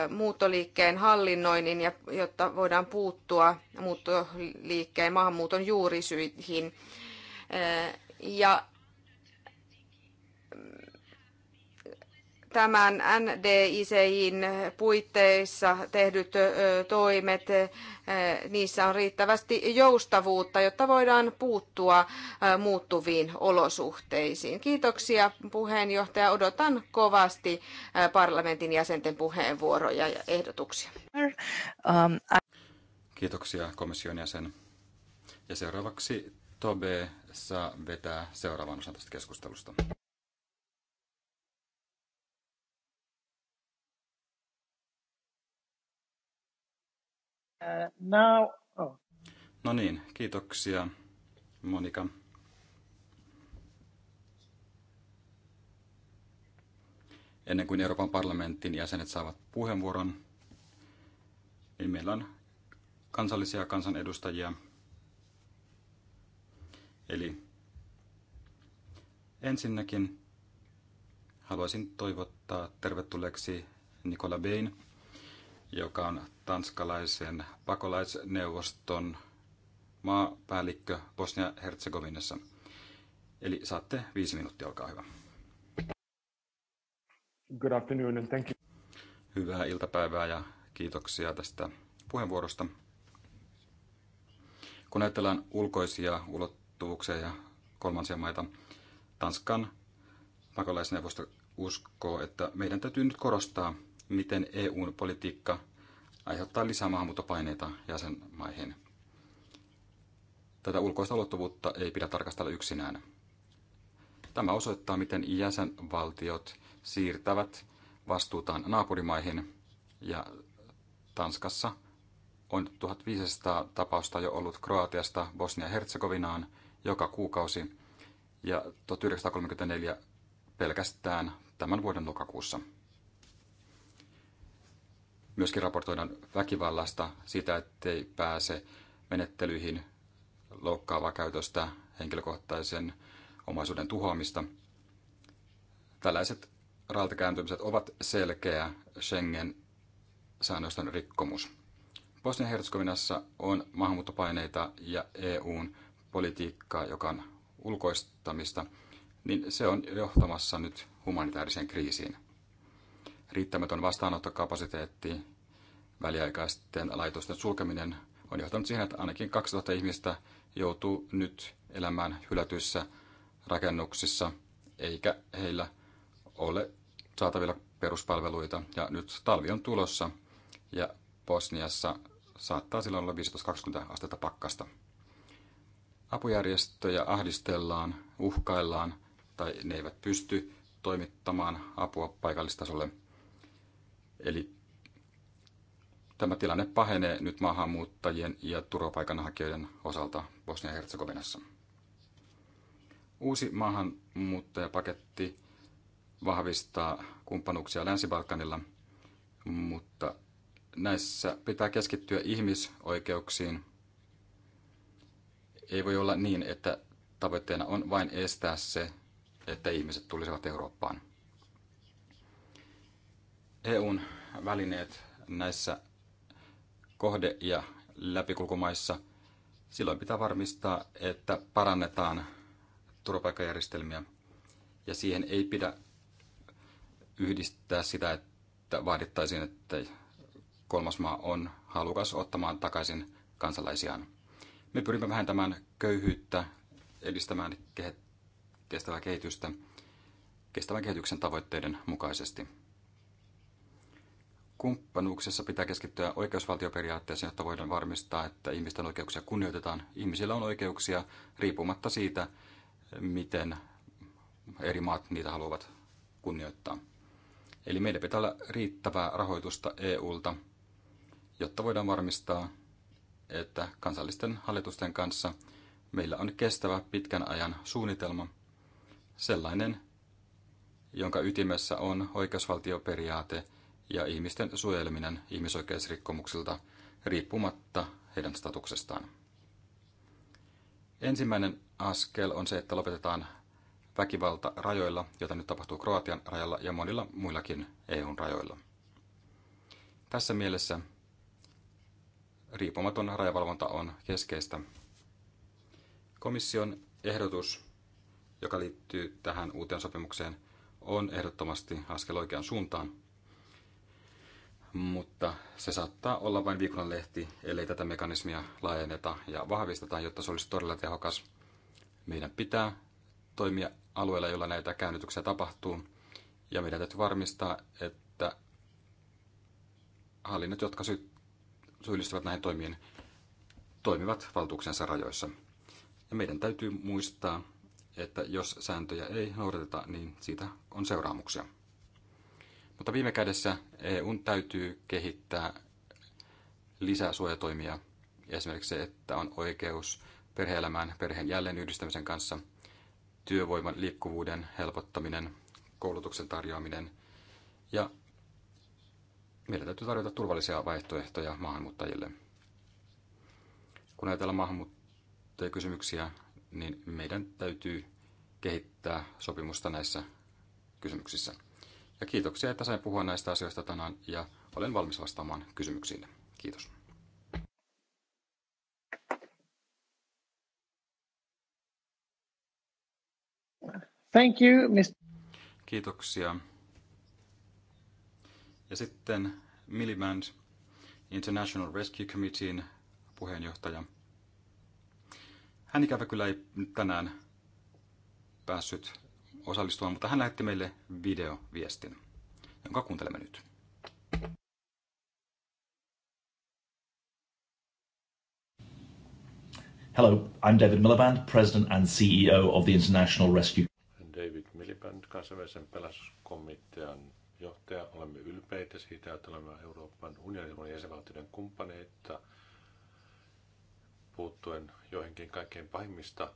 muuttoliikkeen hallinnoinnin, ja, jotta voidaan puuttua muuttoliikkeen maahanmuuton juurisyihin. Ja tämän NDICin puitteissa tehdyt toimet, niissä on riittävästi joustavuutta, jotta voidaan puuttua muuttuviin olosuhteisiin. Kiitoksia puheenjohtaja. Odotan kovasti parlamentin jäsenten puheenvuoroja ja ehdotuksia. Um, Kiitoksia komission jäsen. Ja seuraavaksi Tobe saa vetää seuraavan osan tästä keskustelusta. Uh, now... oh. No niin, kiitoksia Monika. Ennen kuin Euroopan parlamentin jäsenet saavat puheenvuoron, niin meillä on kansallisia kansanedustajia. Eli ensinnäkin haluaisin toivottaa tervetulleeksi Nicola Bain, joka on tanskalaisen pakolaisneuvoston maapäällikkö Bosnia-Herzegovinassa. Eli saatte viisi minuuttia, olkaa hyvä. Good afternoon and thank you. Hyvää iltapäivää ja kiitoksia tästä puheenvuorosta. Kun ajatellaan ulkoisia ulottuvuuksia ja kolmansia maita, Tanskan pakolaisneuvosto uskoo, että meidän täytyy nyt korostaa miten EUn politiikka aiheuttaa lisää maahanmuuttopaineita jäsenmaihin. Tätä ulkoista ulottuvuutta ei pidä tarkastella yksinään. Tämä osoittaa, miten jäsenvaltiot siirtävät vastuutaan naapurimaihin ja Tanskassa on 1500 tapausta jo ollut Kroatiasta Bosnia-Herzegovinaan joka kuukausi ja 1934 pelkästään tämän vuoden lokakuussa. Myöskin raportoidaan väkivallasta, sitä, ettei pääse menettelyihin loukkaavaa käytöstä, henkilökohtaisen omaisuuden tuhoamista. Tällaiset raaltakääntymiset ovat selkeä Schengen-säännöstön rikkomus. Bosnia-Herzegovinassa on maahanmuuttopaineita ja EUn politiikkaa, joka on ulkoistamista, niin se on johtamassa nyt humanitaariseen kriisiin riittämätön vastaanottokapasiteetti, väliaikaisten laitosten sulkeminen on johtanut siihen, että ainakin 2000 ihmistä joutuu nyt elämään hylätyissä rakennuksissa, eikä heillä ole saatavilla peruspalveluita. Ja nyt talvi on tulossa ja Bosniassa saattaa silloin olla 15-20 astetta pakkasta. Apujärjestöjä ahdistellaan, uhkaillaan tai ne eivät pysty toimittamaan apua paikallistasolle – Eli tämä tilanne pahenee nyt maahanmuuttajien ja turvapaikanhakijoiden osalta Bosnia-Herzegovinassa. Uusi maahanmuuttajapaketti vahvistaa kumppanuuksia Länsi-Balkanilla, mutta näissä pitää keskittyä ihmisoikeuksiin. Ei voi olla niin, että tavoitteena on vain estää se, että ihmiset tulisivat Eurooppaan. EUn välineet näissä kohde- ja läpikulkumaissa, silloin pitää varmistaa, että parannetaan turvapaikkajärjestelmiä. Ja siihen ei pidä yhdistää sitä, että vaadittaisiin, että kolmas maa on halukas ottamaan takaisin kansalaisiaan. Me pyrimme vähentämään köyhyyttä, edistämään kestävää kehitystä kestävän kehityksen tavoitteiden mukaisesti. Kumppanuuksessa pitää keskittyä oikeusvaltioperiaatteeseen, jotta voidaan varmistaa, että ihmisten oikeuksia kunnioitetaan. Ihmisillä on oikeuksia riippumatta siitä, miten eri maat niitä haluavat kunnioittaa. Eli meidän pitää olla riittävää rahoitusta EUlta, jotta voidaan varmistaa, että kansallisten hallitusten kanssa meillä on kestävä pitkän ajan suunnitelma, sellainen, jonka ytimessä on oikeusvaltioperiaate – ja ihmisten suojeleminen ihmisoikeusrikkomuksilta riippumatta heidän statuksestaan. Ensimmäinen askel on se, että lopetetaan väkivalta rajoilla, jota nyt tapahtuu Kroatian rajalla ja monilla muillakin EUn rajoilla. Tässä mielessä riippumaton rajavalvonta on keskeistä. Komission ehdotus, joka liittyy tähän uuteen sopimukseen, on ehdottomasti askel oikeaan suuntaan – mutta se saattaa olla vain viikonlehti, ellei tätä mekanismia laajenneta ja vahvisteta, jotta se olisi todella tehokas. Meidän pitää toimia alueella, jolla näitä käännytyksiä tapahtuu, ja meidän täytyy varmistaa, että hallinnot, jotka sy- syyllistyvät näihin toimiin, toimivat valtuuksensa rajoissa. Ja meidän täytyy muistaa, että jos sääntöjä ei noudateta, niin siitä on seuraamuksia. Mutta viime kädessä EUn täytyy kehittää lisää suojatoimia. esimerkiksi se, että on oikeus perheelämään, perheen jälleen yhdistämisen kanssa, työvoiman liikkuvuuden helpottaminen, koulutuksen tarjoaminen ja meidän täytyy tarjota turvallisia vaihtoehtoja maahanmuuttajille. Kun ajatellaan maahanmuuttajakysymyksiä, niin meidän täytyy kehittää sopimusta näissä kysymyksissä. Ja kiitoksia, että sain puhua näistä asioista tänään ja olen valmis vastaamaan kysymyksiin. Kiitos. Thank you, Mr. Kiitoksia. Ja sitten Miliband International Rescue Committeein puheenjohtaja. Hän ikävä kyllä ei tänään päässyt osallistumaan, mutta hän lähetti meille videoviestin, jonka kuuntelemme nyt. Hello, I'm David Miliband, President and CEO of the International Rescue. David Miliband, kansainvälisen pelastuskomitean johtaja. Olemme ylpeitä siitä, että olemme Euroopan unionin jäsenvaltioiden kumppaneita puuttuen joihinkin kaikkein pahimmista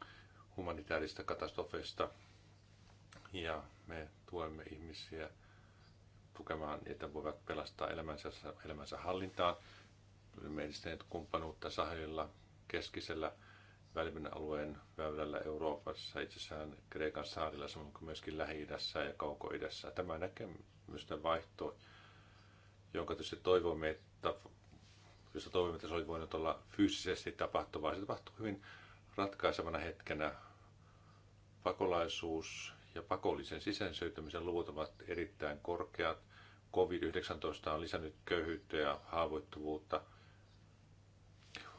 humanitaarista katastrofeista, ja me tuemme ihmisiä tukemaan, että voivat pelastaa elämänsä, elämänsä hallintaan. Olemme edistäneet kumppanuutta Sahelilla, keskisellä välimen alueen väylällä Euroopassa, itse asiassa Kreikan saarilla, samoin kuin myöskin Lähi-idässä ja Kauko-idässä. Tämä näkemystä vaihto, jonka tietysti toivomme, että josta toivomme, että se oli voinut olla fyysisesti tapahtuvaa. Se tapahtui hyvin ratkaisevana hetkenä. Pakolaisuus ja pakollisen sisäänsöyttämisen luvut ovat erittäin korkeat. COVID-19 on lisännyt köyhyyttä ja haavoittuvuutta.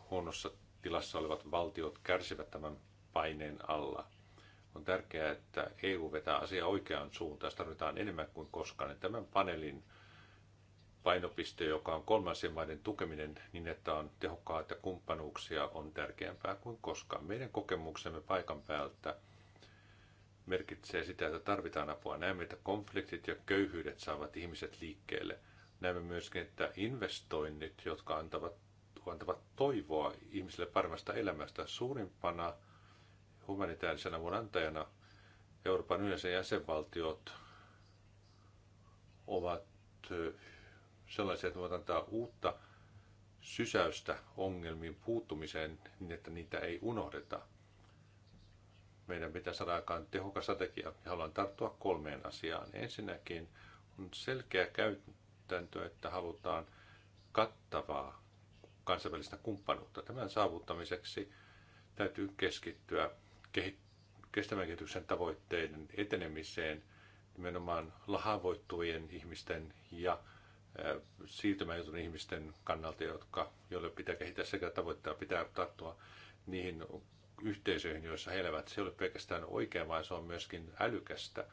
Huonossa tilassa olevat valtiot kärsivät tämän paineen alla. On tärkeää, että EU vetää asiaa oikeaan suuntaan. Sitä tarvitaan enemmän kuin koskaan. Tämän paneelin painopiste, joka on kolmansien maiden tukeminen niin, että on tehokkaat ja kumppanuuksia, on tärkeämpää kuin koskaan. Meidän kokemuksemme paikan päältä – merkitsee sitä, että tarvitaan apua. Näemme, että konfliktit ja köyhyydet saavat ihmiset liikkeelle. Näemme myöskin, että investoinnit, jotka antavat, antavat toivoa ihmisille paremmasta elämästä, suurimpana humanitaarisena avun antajana Euroopan yleensä jäsenvaltiot ovat sellaisia, että voivat antaa uutta sysäystä ongelmiin puuttumiseen niin, että niitä ei unohdeta meidän pitää saada aikaan tehokas strategia. Haluan tarttua kolmeen asiaan. Ensinnäkin on selkeä käytäntö, että halutaan kattavaa kansainvälistä kumppanuutta. Tämän saavuttamiseksi täytyy keskittyä kestävän kehityksen tavoitteiden etenemiseen, nimenomaan lahavoittujen ihmisten ja siirtymäjutun ihmisten kannalta, jotka, joille pitää kehittää sekä tavoittaa, pitää tarttua niihin yhteisöihin, joissa he elävät. Se ei ole pelkästään oikein, vaan se on myöskin älykästä.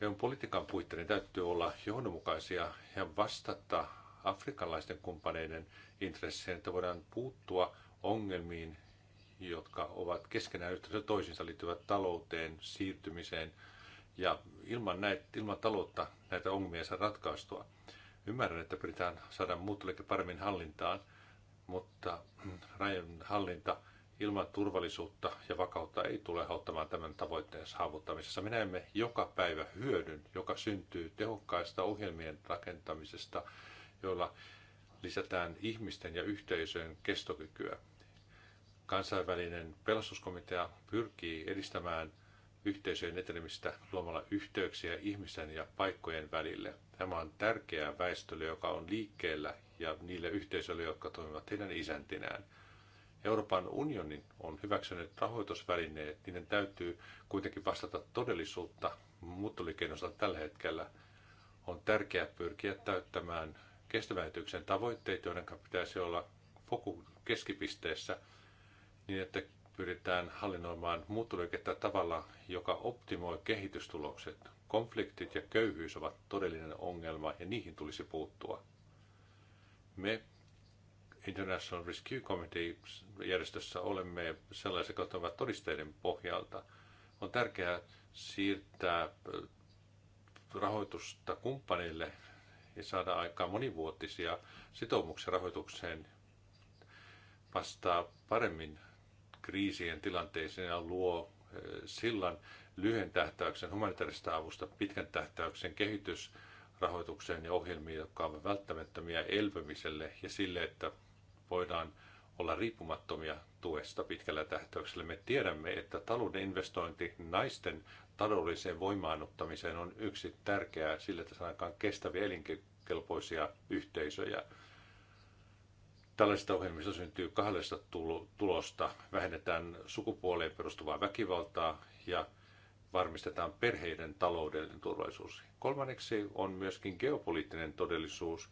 EUn politiikan puitteiden täytyy olla johdonmukaisia ja vastata afrikkalaisten kumppaneiden intresseihin, että voidaan puuttua ongelmiin, jotka ovat keskenään yhteydessä toisiinsa liittyvät talouteen, siirtymiseen. Ja ilman, näitä, ilman taloutta näitä ongelmia saa ratkaistua. Ymmärrän, että pyritään saada muuttoliike paremmin hallintaan, mutta rajan hallinta – Ilman turvallisuutta ja vakautta ei tule auttamaan tämän tavoitteen saavuttamisessa. Me näemme joka päivä hyödyn, joka syntyy tehokkaista ohjelmien rakentamisesta, joilla lisätään ihmisten ja yhteisöjen kestokykyä. Kansainvälinen pelastuskomitea pyrkii edistämään yhteisöjen etenemistä luomalla yhteyksiä ihmisten ja paikkojen välille. Tämä on tärkeää väestölle, joka on liikkeellä ja niille yhteisöille, jotka toimivat heidän isäntinään – Euroopan unionin on hyväksynyt rahoitusvälineet, niiden täytyy kuitenkin vastata todellisuutta muuttoliikkeen osalta tällä hetkellä. On tärkeää pyrkiä täyttämään kestävän tavoitteet, joiden pitäisi olla foku keskipisteessä niin, että pyritään hallinnoimaan muuttoliikettä tavalla, joka optimoi kehitystulokset. Konfliktit ja köyhyys ovat todellinen ongelma ja niihin tulisi puuttua. Me International Rescue Committee-järjestössä olemme sellaisia ovat todisteiden pohjalta. On tärkeää siirtää rahoitusta kumppaneille ja saada aikaa monivuotisia sitoumuksia rahoitukseen vastaa paremmin kriisien tilanteeseen ja luo eh, sillan lyhyen tähtäyksen humanitaarista avusta pitkän tähtäyksen kehitysrahoitukseen ja ohjelmiin, jotka ovat välttämättömiä elpymiselle ja sille, että voidaan olla riippumattomia tuesta pitkällä tähtäyksellä. Me tiedämme, että talouden investointi naisten taloudelliseen voimaannuttamiseen on yksi tärkeää sillä, että saadaan kestäviä elinkelpoisia yhteisöjä. Tällaisista ohjelmista syntyy kahdesta tulosta. Vähennetään sukupuoleen perustuvaa väkivaltaa ja varmistetaan perheiden taloudellinen turvallisuus. Kolmanneksi on myöskin geopoliittinen todellisuus.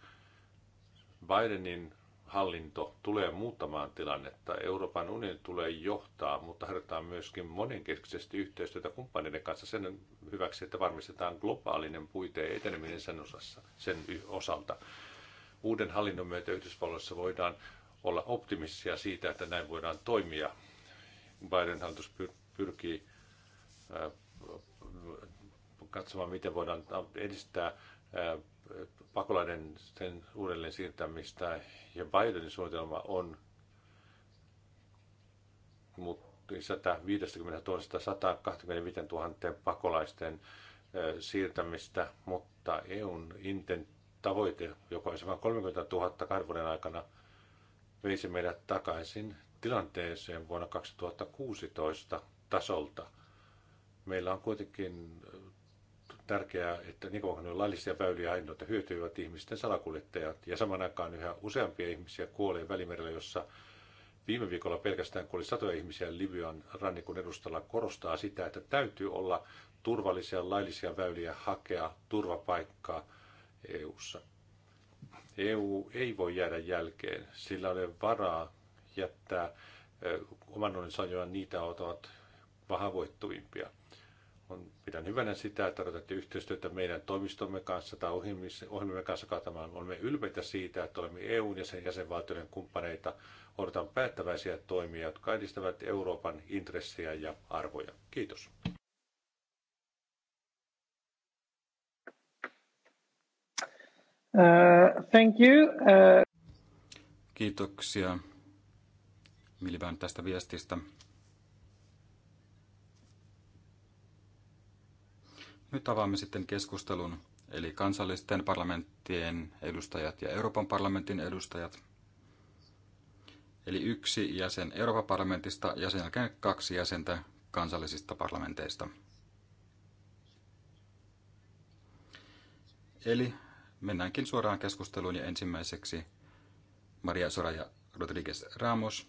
Bidenin hallinto tulee muuttamaan tilannetta. Euroopan unioni tulee johtaa, mutta harjoitetaan myöskin monenkeskisesti yhteistyötä kumppaneiden kanssa sen hyväksi, että varmistetaan globaalinen puite eteneminen sen, osassa, sen osalta. Uuden hallinnon myötä Yhdysvalloissa voidaan olla optimistisia siitä, että näin voidaan toimia. Biden hallitus pyrkii katsomaan, miten voidaan edistää pakolainen sen uudelleen siirtämistä ja Bidenin suunnitelma on 150 000 125 000 pakolaisten siirtämistä, mutta EUn inten tavoite, joka olisi vain 30 000 kahden aikana, veisi meidät takaisin tilanteeseen vuonna 2016 tasolta. Meillä on kuitenkin tärkeää, että niin kauan on laillisia väyliä ainoita hyötyivät ihmisten salakuljettajat. Ja saman aikaan yhä useampia ihmisiä kuolee Välimerellä, jossa viime viikolla pelkästään kuoli satoja ihmisiä Libyan rannikon edustalla, korostaa sitä, että täytyy olla turvallisia laillisia väyliä hakea turvapaikkaa EU:ssa. EU ei voi jäädä jälkeen, sillä ei varaa jättää oman onnensa niitä ovat vahavoittuvimpia on, pidän hyvänä sitä, että odotatte yhteistyötä meidän toimistomme kanssa tai ohjelmien kanssa katsomaan. Olemme ylpeitä siitä, että olemme EUn ja sen jäsenvaltioiden kumppaneita. Odotan päättäväisiä toimia, jotka edistävät Euroopan intressejä ja arvoja. Kiitos. Uh, thank you. Uh... Kiitoksia Milvään tästä viestistä. Nyt avaamme sitten keskustelun, eli kansallisten parlamenttien edustajat ja Euroopan parlamentin edustajat. Eli yksi jäsen Euroopan parlamentista ja sen jälkeen kaksi jäsentä kansallisista parlamenteista. Eli mennäänkin suoraan keskusteluun ja ensimmäiseksi Maria Soraya Rodriguez Ramos,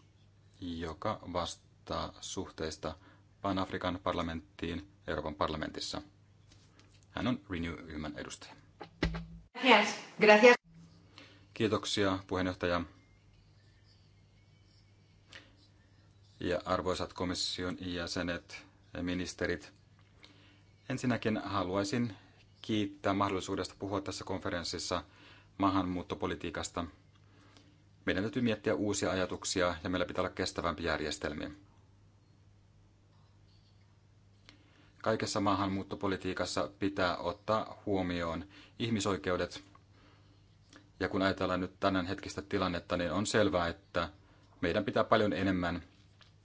joka vastaa suhteista Pan-Afrikan parlamenttiin Euroopan parlamentissa. Hän on Renew-ryhmän edustaja. Yes. Gracias. Kiitoksia puheenjohtaja. Ja arvoisat komission jäsenet ja ministerit, ensinnäkin haluaisin kiittää mahdollisuudesta puhua tässä konferenssissa maahanmuuttopolitiikasta. Meidän täytyy miettiä uusia ajatuksia ja meillä pitää olla kestävämpi järjestelmiä. Kaikessa maahanmuuttopolitiikassa pitää ottaa huomioon ihmisoikeudet. Ja kun ajatellaan nyt tänään hetkistä tilannetta, niin on selvää, että meidän pitää paljon enemmän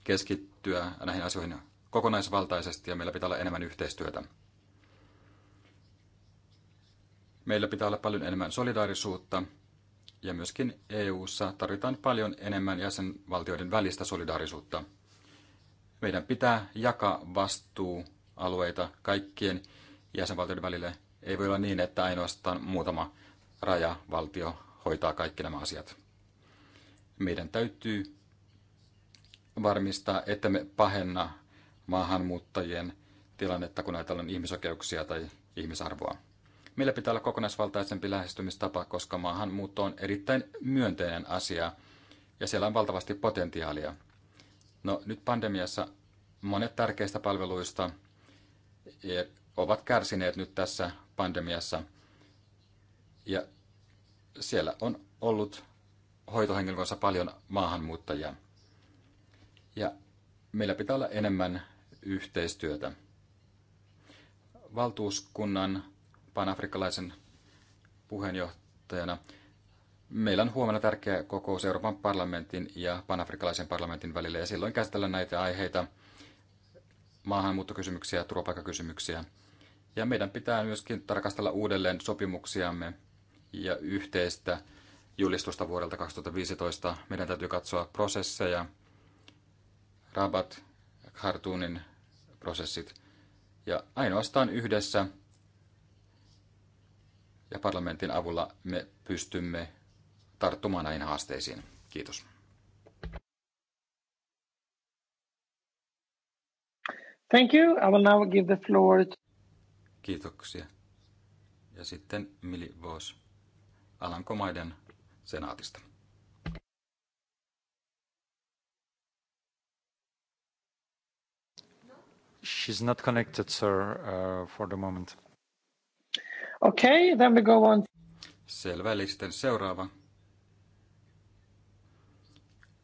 keskittyä näihin asioihin kokonaisvaltaisesti ja meillä pitää olla enemmän yhteistyötä. Meillä pitää olla paljon enemmän solidaarisuutta ja myöskin EU:ssa tarvitaan paljon enemmän jäsenvaltioiden välistä solidaarisuutta. Meidän pitää jakaa vastuu alueita kaikkien jäsenvaltioiden välille. Ei voi olla niin, että ainoastaan muutama rajavaltio hoitaa kaikki nämä asiat. Meidän täytyy varmistaa, että me pahenna maahanmuuttajien tilannetta, kun ajatellaan ihmisoikeuksia tai ihmisarvoa. Meillä pitää olla kokonaisvaltaisempi lähestymistapa, koska maahanmuutto on erittäin myönteinen asia ja siellä on valtavasti potentiaalia. No nyt pandemiassa monet tärkeistä palveluista – ovat kärsineet nyt tässä pandemiassa. Ja siellä on ollut hoitohenkilökunnassa paljon maahanmuuttajia. Ja meillä pitää olla enemmän yhteistyötä. Valtuuskunnan panafrikkalaisen puheenjohtajana meillä on huomenna tärkeä kokous Euroopan parlamentin ja panafrikkalaisen parlamentin välillä ja silloin käsitellään näitä aiheita – maahanmuuttokysymyksiä ja turvapaikkakysymyksiä. Ja meidän pitää myöskin tarkastella uudelleen sopimuksiamme ja yhteistä julistusta vuodelta 2015. Meidän täytyy katsoa prosesseja, Rabat, Khartoumin prosessit. Ja ainoastaan yhdessä ja parlamentin avulla me pystymme tarttumaan näihin haasteisiin. Kiitos. Thank you. I will now give the floor to... Kiitoksia. Ja sitten Mili Vos Alankomaiden senaatista. She's not connected, sir, uh, for the moment. Okay, then we go on. Selvä, eli sitten seuraava.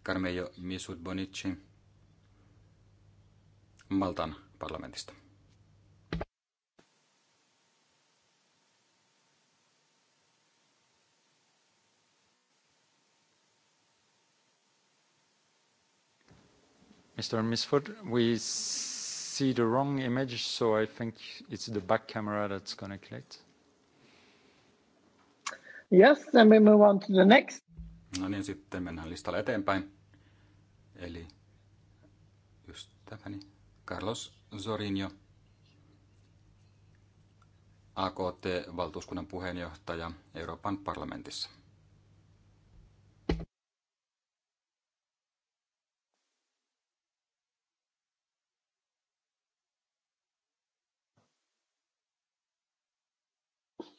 Carmelo Misut Bonici. Maltan parlamentista. Mr. Misford, we see the wrong image, so I think it's the back camera that's going to click. Yes, then we move on to the next. No niin, sitten mennään listalle eteenpäin. Eli just tämä, niin Carlos Zorinjo, AKT-valtuuskunnan puheenjohtaja Euroopan parlamentissa.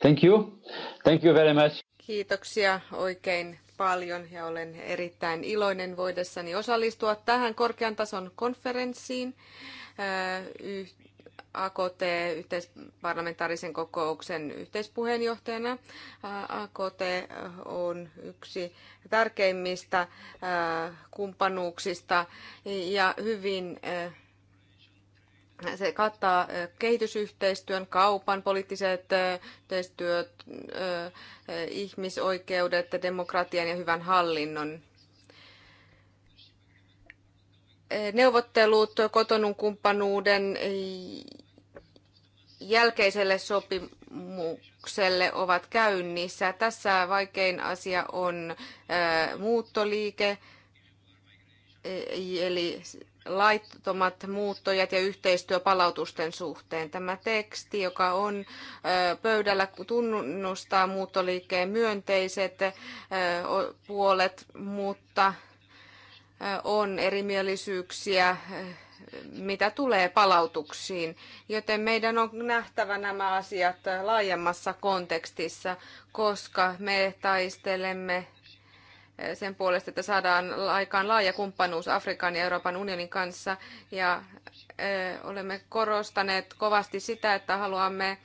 Thank you. Thank you very much. Kiitoksia oikein paljon ja olen erittäin iloinen voidessani osallistua tähän korkean tason konferenssiin. AKT-yhteisparlamentaarisen kokouksen yhteispuheenjohtajana. AKT on yksi tärkeimmistä kumppanuuksista ja hyvin se kattaa kehitysyhteistyön, kaupan, poliittiset yhteistyöt, ihmisoikeudet, demokratian ja hyvän hallinnon neuvottelut kotonun kumppanuuden jälkeiselle sopimukselle ovat käynnissä. Tässä vaikein asia on muuttoliike, eli laittomat muuttojat ja yhteistyö palautusten suhteen. Tämä teksti, joka on pöydällä, tunnustaa muuttoliikkeen myönteiset puolet, mutta on erimielisyyksiä, mitä tulee palautuksiin, joten meidän on nähtävä nämä asiat laajemmassa kontekstissa, koska me taistelemme sen puolesta, että saadaan aikaan laaja kumppanuus Afrikan ja Euroopan unionin kanssa. Ja olemme korostaneet kovasti sitä, että haluamme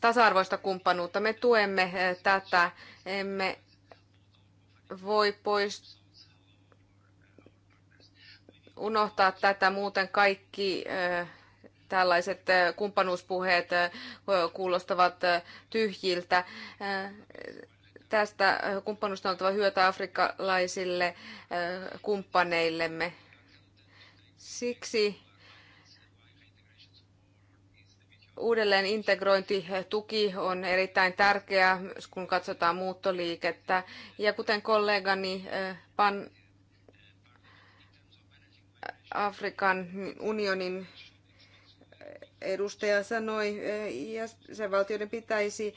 tasa-arvoista kumppanuutta. Me tuemme tätä, emme voi pois unohtaa tätä, muuten kaikki tällaiset kumppanuuspuheet kuulostavat tyhjiltä. Tästä kumppanusta on oltava hyötä afrikkalaisille kumppaneillemme. Siksi Uudelleen integrointituki on erittäin tärkeää, kun katsotaan muuttoliikettä. Ja kuten kollegani eh, Pan Afrikan unionin edustaja sanoi, eh, jäsenvaltioiden pitäisi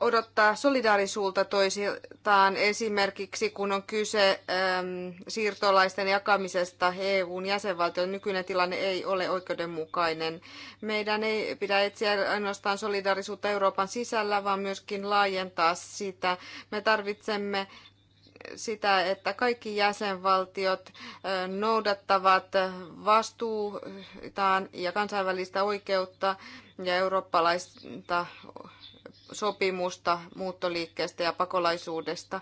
odottaa solidaarisuutta toisiltaan esimerkiksi, kun on kyse äm, siirtolaisten jakamisesta EUn jäsenvaltioon. Nykyinen tilanne ei ole oikeudenmukainen. Meidän ei pidä etsiä ainoastaan solidaarisuutta Euroopan sisällä, vaan myöskin laajentaa sitä. Me tarvitsemme sitä, että kaikki jäsenvaltiot noudattavat vastuutaan ja kansainvälistä oikeutta ja eurooppalaista sopimusta muuttoliikkeestä ja pakolaisuudesta.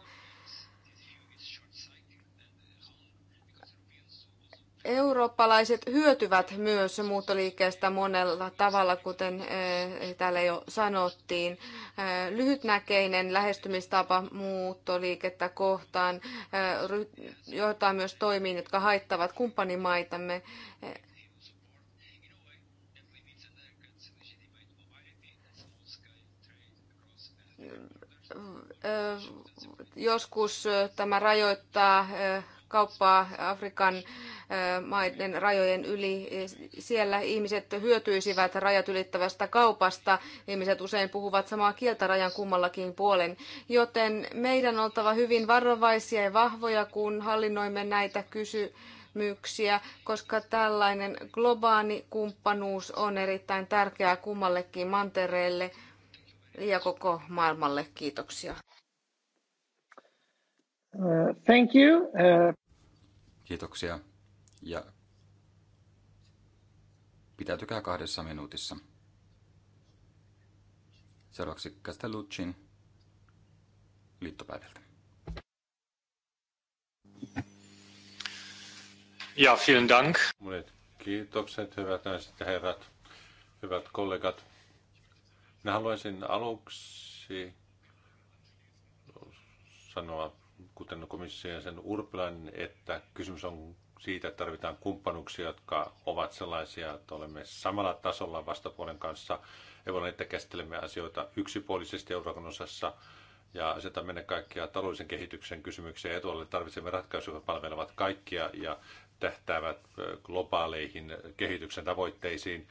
Eurooppalaiset hyötyvät myös muuttoliikkeestä monella tavalla, kuten eh, täällä jo sanottiin. Eh, lyhytnäkeinen lähestymistapa muuttoliikettä kohtaan eh, johtaa myös toimiin, jotka haittavat kumppanimaitamme. joskus tämä rajoittaa kauppaa Afrikan maiden rajojen yli. E, siellä ihmiset hyötyisivät rajat ylittävästä kaupasta. Ihmiset usein puhuvat samaa kieltä rajan kummallakin puolen. Joten meidän on oltava hyvin varovaisia ja vahvoja, kun hallinnoimme näitä kysymyksiä, koska tällainen globaali kumppanuus on erittäin tärkeää kummallekin mantereelle ja koko maailmalle. Kiitoksia. Uh, thank you. Uh, Kiitoksia. Ja pitäytykää kahdessa minuutissa. Seuraavaksi Castelluccin liittopäiviltä. Ja, vielen dank. Monet kiitokset, hyvät naiset ja herrat, hyvät kollegat. Minä haluaisin aluksi sanoa kuten komissio sen Urpilainen, että kysymys on siitä, että tarvitaan kumppanuksia, jotka ovat sellaisia, että olemme samalla tasolla vastapuolen kanssa. Ei voi että käsittelemme asioita yksipuolisesti Euroopan osassa ja asetamme mennä kaikkia taloudellisen kehityksen kysymyksiä etualle. Tarvitsemme ratkaisuja, jotka palvelevat kaikkia ja tähtäävät globaaleihin kehityksen tavoitteisiin.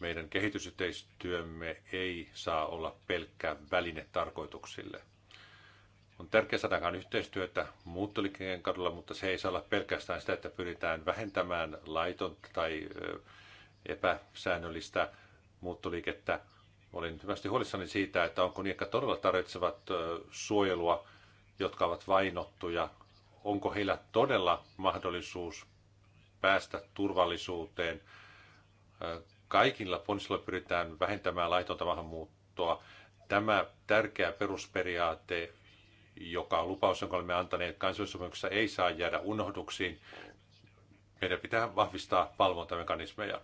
Meidän kehitysyhteistyömme ei saa olla pelkkä väline tarkoituksille. On tärkeää saada yhteistyötä muuttoliikkeen kadulla, mutta se ei saa olla pelkästään sitä, että pyritään vähentämään laitonta tai epäsäännöllistä muuttoliikettä. Olin hyvästi huolissani siitä, että onko niitä, jotka todella tarvitsevat suojelua, jotka ovat vainottuja, onko heillä todella mahdollisuus päästä turvallisuuteen. Kaikilla ponsilla pyritään vähentämään laitonta maahanmuuttoa. Tämä tärkeä perusperiaate, joka on lupaus, jonka olemme antaneet kansallisessa ei saa jäädä unohduksiin. Meidän pitää vahvistaa valvontamekanismeja.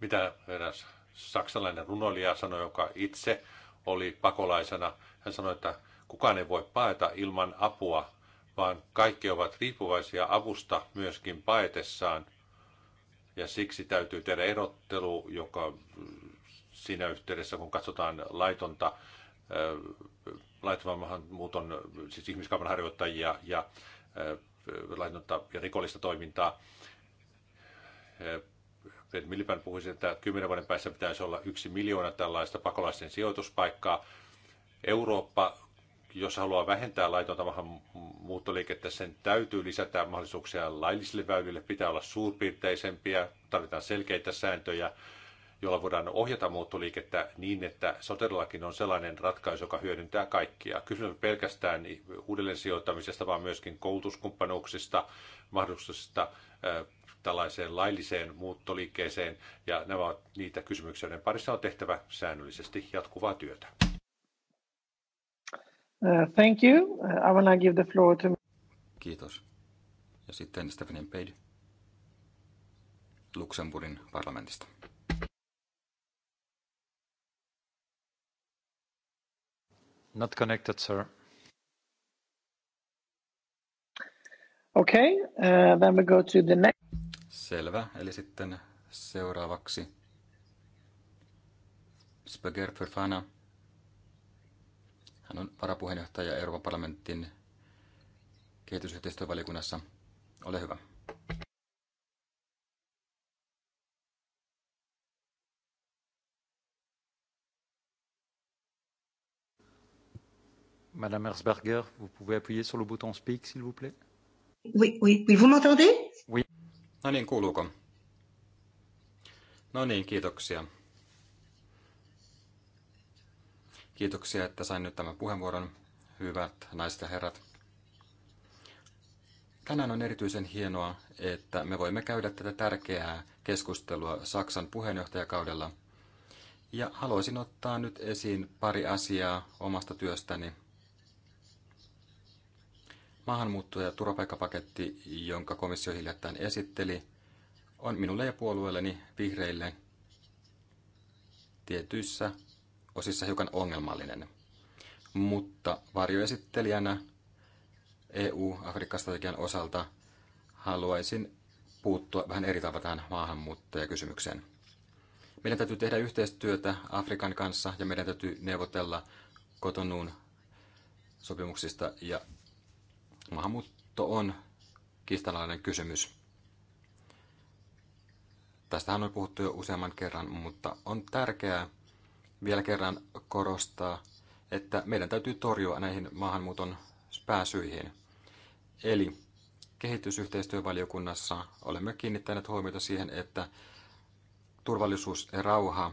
Mitä eräs saksalainen runoilija sanoi, joka itse oli pakolaisena, hän sanoi, että kukaan ei voi paeta ilman apua, vaan kaikki ovat riippuvaisia avusta myöskin paetessaan. Ja siksi täytyy tehdä erottelu, joka siinä yhteydessä, kun katsotaan laitonta laittoman muuton siis ihmiskaupan harjoittajia ja äh, laitonta ja rikollista toimintaa. Äh, Millipän puhuisi, että kymmenen vuoden päässä pitäisi olla yksi miljoona tällaista pakolaisten sijoituspaikkaa. Eurooppa, jos haluaa vähentää laitonta muuttoliikettä, sen täytyy lisätä mahdollisuuksia laillisille väylille, pitää olla suurpiirteisempiä, tarvitaan selkeitä sääntöjä jolla voidaan ohjata muuttoliikettä niin, että soterillakin on sellainen ratkaisu, joka hyödyntää kaikkia. Kysymys on pelkästään uudelleen sijoittamisesta, vaan myöskin koulutuskumppanuuksista, mahdollisuuksista tällaiseen lailliseen muuttoliikkeeseen, ja nämä ovat niitä kysymyksiä, joiden parissa on tehtävä säännöllisesti jatkuvaa työtä. Uh, thank you. Uh, I want to give the floor to... Kiitos. Ja sitten Stephanie Page Luxemburgin parlamentista. Not connected, sir. Okay, uh, then we go to the next. Selvä. Eli sitten seuraavaksi Spager fana. Hän on varapuheenjohtaja Euroopan parlamentin kehitysyhteistyövaliokunnassa. Ole hyvä. Madame Herzberger, vous pouvez appuyer sur le bouton speak, s'il vous plaît. Oui, oui, oui, vous m'entendez? Oui. No niin, kuuluuko? No niin, kiitoksia. Kiitoksia, että sain nyt tämän puheenvuoron. Hyvät naiset ja herrat. Tänään on erityisen hienoa, että me voimme käydä tätä tärkeää keskustelua Saksan puheenjohtajakaudella. Ja haluaisin ottaa nyt esiin pari asiaa omasta työstäni – Maahanmuutto- ja turvapaikkapaketti, jonka komissio hiljattain esitteli, on minulle ja puolueelleni vihreille tietyissä osissa hiukan ongelmallinen. Mutta varjoesittelijänä EU-Afrikka-strategian osalta haluaisin puuttua vähän eri tavalla tähän maahanmuuttajakysymykseen. Meidän täytyy tehdä yhteistyötä Afrikan kanssa ja meidän täytyy neuvotella kotonuun sopimuksista ja Maahanmuutto on kiistanalainen kysymys. Tästähän on puhuttu jo useamman kerran, mutta on tärkeää vielä kerran korostaa, että meidän täytyy torjua näihin maahanmuuton pääsyihin. Eli kehitysyhteistyövaliokunnassa olemme kiinnittäneet huomiota siihen, että turvallisuus ja rauha,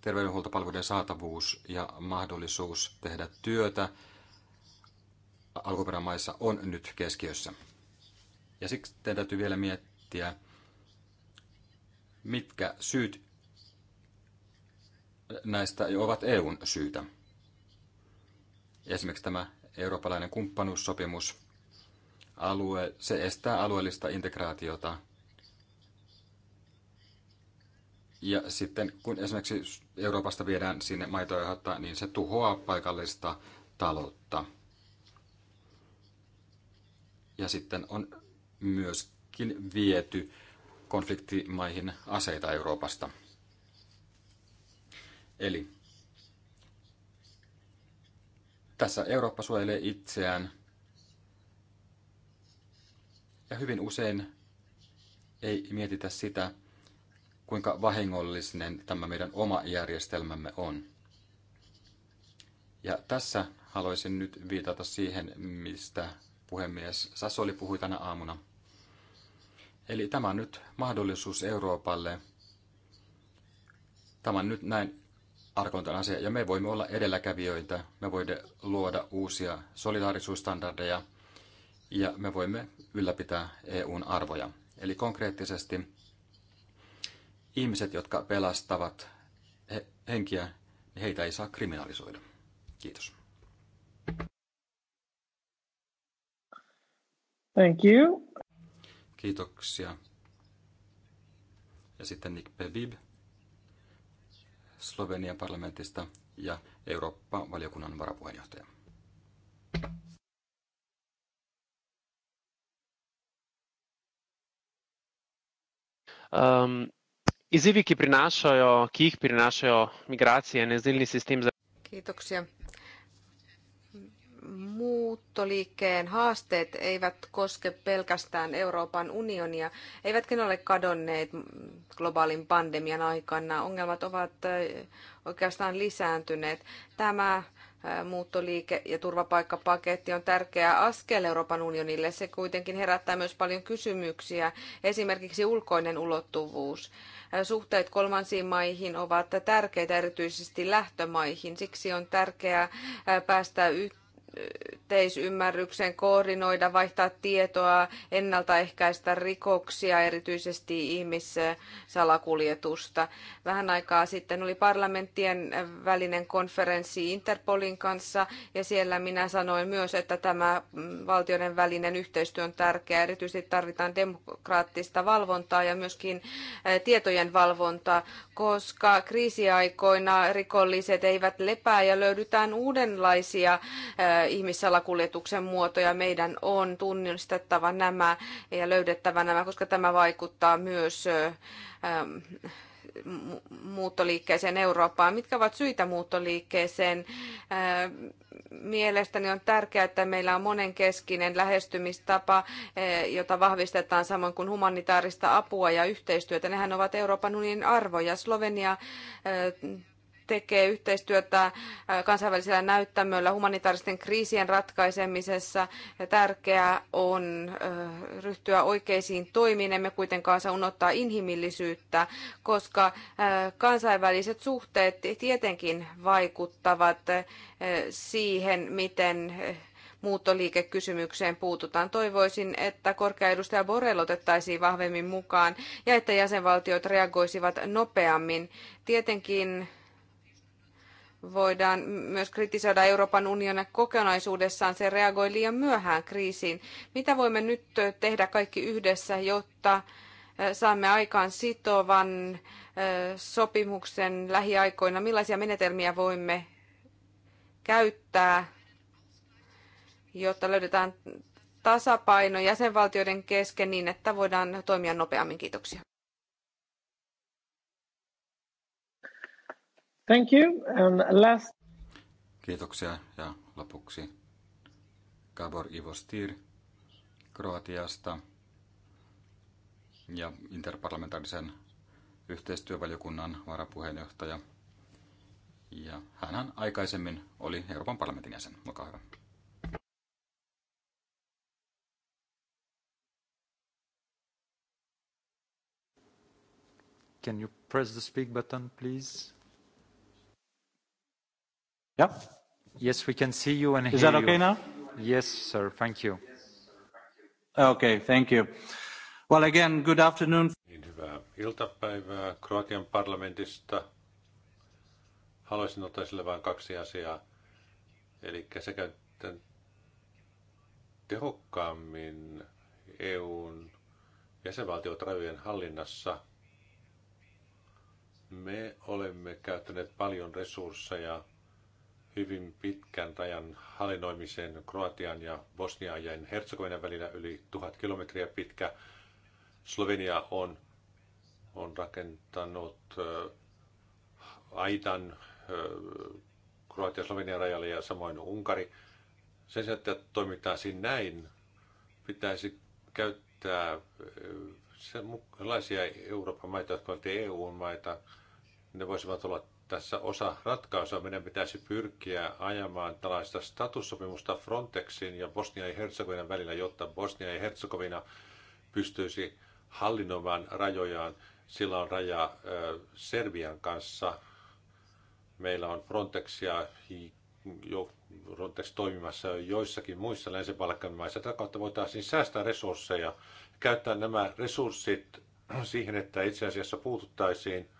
terveydenhuoltopalveluiden saatavuus ja mahdollisuus tehdä työtä alkuperämaissa on nyt keskiössä. Ja siksi teidän täytyy vielä miettiä, mitkä syyt näistä ovat EUn syytä. Esimerkiksi tämä eurooppalainen kumppanuussopimus, alue, se estää alueellista integraatiota. Ja sitten kun esimerkiksi Euroopasta viedään sinne maitoja, niin se tuhoaa paikallista taloutta. Ja sitten on myöskin viety konfliktimaihin aseita Euroopasta. Eli tässä Eurooppa suojelee itseään ja hyvin usein ei mietitä sitä, kuinka vahingollinen tämä meidän oma järjestelmämme on. Ja tässä haluaisin nyt viitata siihen, mistä puhemies Sassoli puhui tänä aamuna. Eli tämä on nyt mahdollisuus Euroopalle. Tämä on nyt näin arkointan asia, ja me voimme olla edelläkävijöitä, me voimme luoda uusia solidaarisuusstandardeja, ja me voimme ylläpitää EUn arvoja. Eli konkreettisesti ihmiset, jotka pelastavat henkiä, niin heitä ei saa kriminalisoida. Kiitos. Thank you. Kiitoksia. Ja sitten Nick Pevib Slovenian parlamentista ja Eurooppa-valiokunnan varapuheenjohtaja. Um, izzivi, ki, prinašajo, ki jih prinašajo migracije in azilni sistem za. Kiitoksia muuttoliikkeen haasteet eivät koske pelkästään Euroopan unionia, eivätkä ne ole kadonneet globaalin pandemian aikana. Ongelmat ovat oikeastaan lisääntyneet. Tämä muuttoliike- ja turvapaikkapaketti on tärkeä askel Euroopan unionille. Se kuitenkin herättää myös paljon kysymyksiä, esimerkiksi ulkoinen ulottuvuus. Suhteet kolmansiin maihin ovat tärkeitä erityisesti lähtömaihin. Siksi on tärkeää päästä yhteen yhteisymmärryksen, koordinoida, vaihtaa tietoa, ennaltaehkäistä rikoksia, erityisesti ihmissalakuljetusta. Vähän aikaa sitten oli parlamenttien välinen konferenssi Interpolin kanssa ja siellä minä sanoin myös, että tämä valtioiden välinen yhteistyö on tärkeää. Erityisesti tarvitaan demokraattista valvontaa ja myöskin eh, tietojen valvontaa, koska kriisiaikoina rikolliset eivät lepää ja löydetään uudenlaisia eh, ihmissalakuljetuksen muotoja. Meidän on tunnistettava nämä ja löydettävä nämä, koska tämä vaikuttaa myös muuttoliikkeeseen Eurooppaan. Mitkä ovat syitä muuttoliikkeeseen? Mielestäni on tärkeää, että meillä on monenkeskinen lähestymistapa, jota vahvistetaan samoin kuin humanitaarista apua ja yhteistyötä. Nehän ovat Euroopan unionin arvoja. Slovenia tekee yhteistyötä äh, kansainvälisellä näyttämöllä humanitaaristen kriisien ratkaisemisessa. Tärkeää on äh, ryhtyä oikeisiin toimiin, emme kuitenkaan saa unohtaa inhimillisyyttä, koska äh, kansainväliset suhteet tietenkin vaikuttavat siihen, miten muuttoliikekysymykseen puututaan. Toivoisin, että korkea edustaja Borrell otettaisiin vahvemmin mukaan ja että jäsenvaltiot reagoisivat nopeammin. Tietenkin voidaan myös kritisoida Euroopan unionia kokonaisuudessaan. Se reagoi liian myöhään kriisiin. Mitä voimme nyt tehdä kaikki yhdessä, jotta saamme aikaan sitovan sopimuksen lähiaikoina? Millaisia menetelmiä voimme käyttää, jotta löydetään tasapaino jäsenvaltioiden kesken niin, että voidaan toimia nopeammin? Kiitoksia. Thank you. And last... Kiitoksia. Ja lopuksi Gabor Ivostir Kroatiasta ja interparlamentaarisen yhteistyövaliokunnan varapuheenjohtaja. Ja hän aikaisemmin oli Euroopan parlamentin jäsen. Olkaa hyvä. Can you press the speak button, please? Yeah? Yes, we can see you and hear you. Is that okay now? Yes, sir. Thank you. Okay, thank you. Well, again, good afternoon. Niin, hyvää iltapäivää Kroatian parlamentista. Haluaisin ottaa esille vain kaksi asiaa. Eli sekä tehokkaammin EUn jäsenvaltiot rajojen hallinnassa. Me olemme käyttäneet paljon resursseja hyvin pitkän rajan hallinnoimiseen Kroatian ja Bosnian ja Herzegovinan välillä yli tuhat kilometriä pitkä. Slovenia on, on rakentanut äh, aitan äh, Kroatian Slovenian rajalle ja samoin Unkari. Sen sijaan, että siinä näin, pitäisi käyttää sellaisia Euroopan maita, jotka ovat EU-maita, ne voisivat olla tässä osa ratkaisua. Meidän pitäisi pyrkiä ajamaan tällaista statussopimusta Frontexin ja Bosnia ja Herzegovinan välillä, jotta Bosnia ja Herzegovina pystyisi hallinnoimaan rajojaan. Sillä on raja Serbian kanssa. Meillä on Frontexia jo Frontex toimimassa joissakin muissa länsi maissa. Tätä kautta voitaisiin säästää resursseja, käyttää nämä resurssit siihen, että itse asiassa puututtaisiin –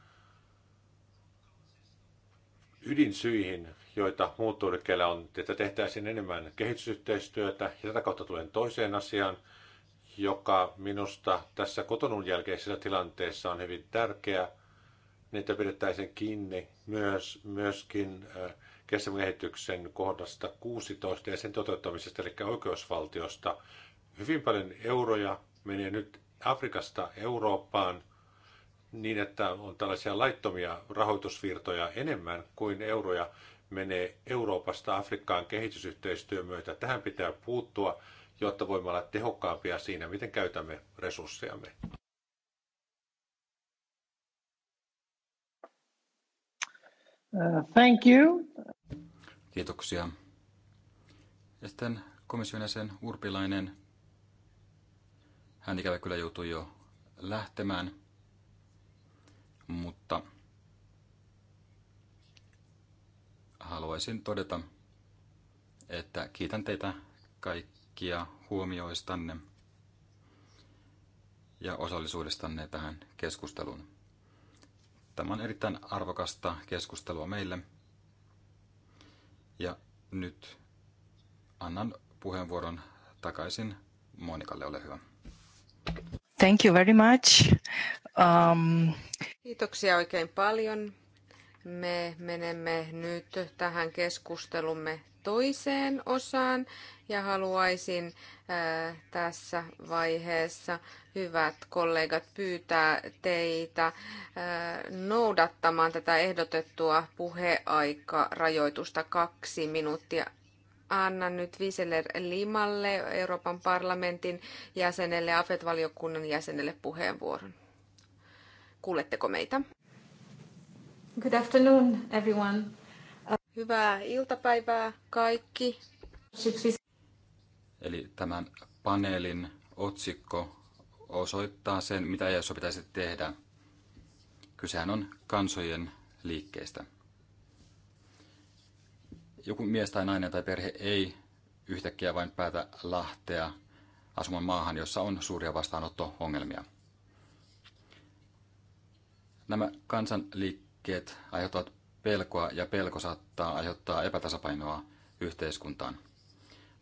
ydinsyihin, joita muuttoyrittäjillä on, että tehtäisiin enemmän kehitysyhteistyötä. Ja tätä kautta tulen toiseen asiaan, joka minusta tässä kotonun jälkeisessä tilanteessa on hyvin tärkeä, niin että pidettäisiin kiinni myös, myöskin äh, kestävän kehityksen kohdasta 16 ja sen toteuttamisesta, eli oikeusvaltiosta. Hyvin paljon euroja menee nyt Afrikasta Eurooppaan – niin, että on tällaisia laittomia rahoitusvirtoja enemmän kuin euroja menee Euroopasta Afrikkaan kehitysyhteistyön myötä. Tähän pitää puuttua, jotta voimme olla tehokkaampia siinä, miten käytämme resurssejamme. Uh, thank you. Kiitoksia. Ja sitten komission jäsen Urpilainen. Hän ikävä kyllä joutui jo lähtemään mutta haluaisin todeta, että kiitän teitä kaikkia huomioistanne ja osallisuudestanne tähän keskusteluun. Tämä on erittäin arvokasta keskustelua meille. Ja nyt annan puheenvuoron takaisin Monikalle, ole hyvä. Thank you very much. Um... Kiitoksia oikein paljon. Me menemme nyt tähän keskustelumme toiseen osaan ja haluaisin äh, tässä vaiheessa, hyvät kollegat, pyytää teitä äh, noudattamaan tätä ehdotettua puheaikarajoitusta kaksi minuuttia annan nyt Viseler Limalle, Euroopan parlamentin jäsenelle AFET-valiokunnan jäsenelle puheenvuoron. Kuuletteko meitä? Good afternoon, everyone. Hyvää iltapäivää kaikki. Eli tämän paneelin otsikko osoittaa sen, mitä EU:ssa pitäisi tehdä. Kysehän on kansojen liikkeestä joku mies tai nainen tai perhe ei yhtäkkiä vain päätä lähteä asumaan maahan, jossa on suuria vastaanotto-ongelmia. Nämä kansanliikkeet aiheuttavat pelkoa ja pelko saattaa aiheuttaa epätasapainoa yhteiskuntaan.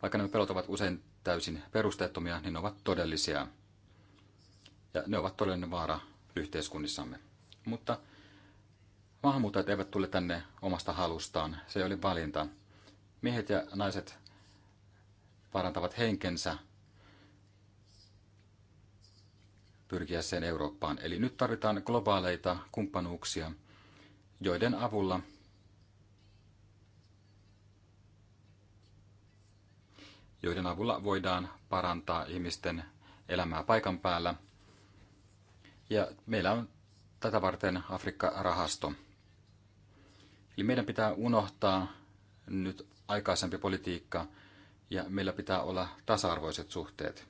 Vaikka nämä pelot ovat usein täysin perusteettomia, niin ne ovat todellisia. Ja ne ovat todellinen vaara yhteiskunnissamme. Mutta Maahanmuuttajat eivät tule tänne omasta halustaan, se oli valinta. Miehet ja naiset parantavat henkensä sen Eurooppaan. Eli nyt tarvitaan globaaleita kumppanuuksia, joiden avulla joiden avulla voidaan parantaa ihmisten elämää paikan päällä. Ja meillä on tätä varten Afrikka-rahasto. Eli meidän pitää unohtaa nyt aikaisempi politiikka ja meillä pitää olla tasa-arvoiset suhteet.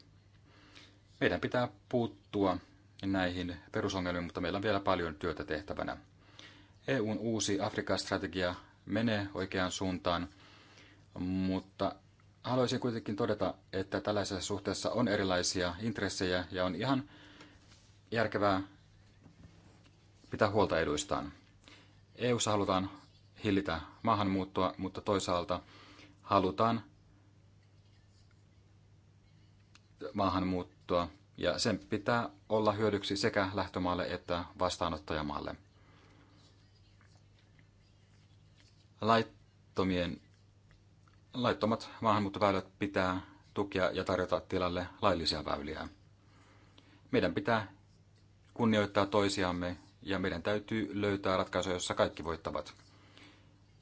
Meidän pitää puuttua näihin perusongelmiin, mutta meillä on vielä paljon työtä tehtävänä. EUn uusi Afrikan-strategia menee oikeaan suuntaan, mutta haluaisin kuitenkin todeta, että tällaisessa suhteessa on erilaisia intressejä ja on ihan järkevää pitää huolta eduistaan. EUssa halutaan hillitä maahanmuuttoa, mutta toisaalta halutaan maahanmuuttoa ja sen pitää olla hyödyksi sekä lähtömaalle että vastaanottajamaalle. Laittomien, laittomat maahanmuuttoväylät pitää tukea ja tarjota tilalle laillisia väyliä. Meidän pitää kunnioittaa toisiamme ja meidän täytyy löytää ratkaisuja, jossa kaikki voittavat.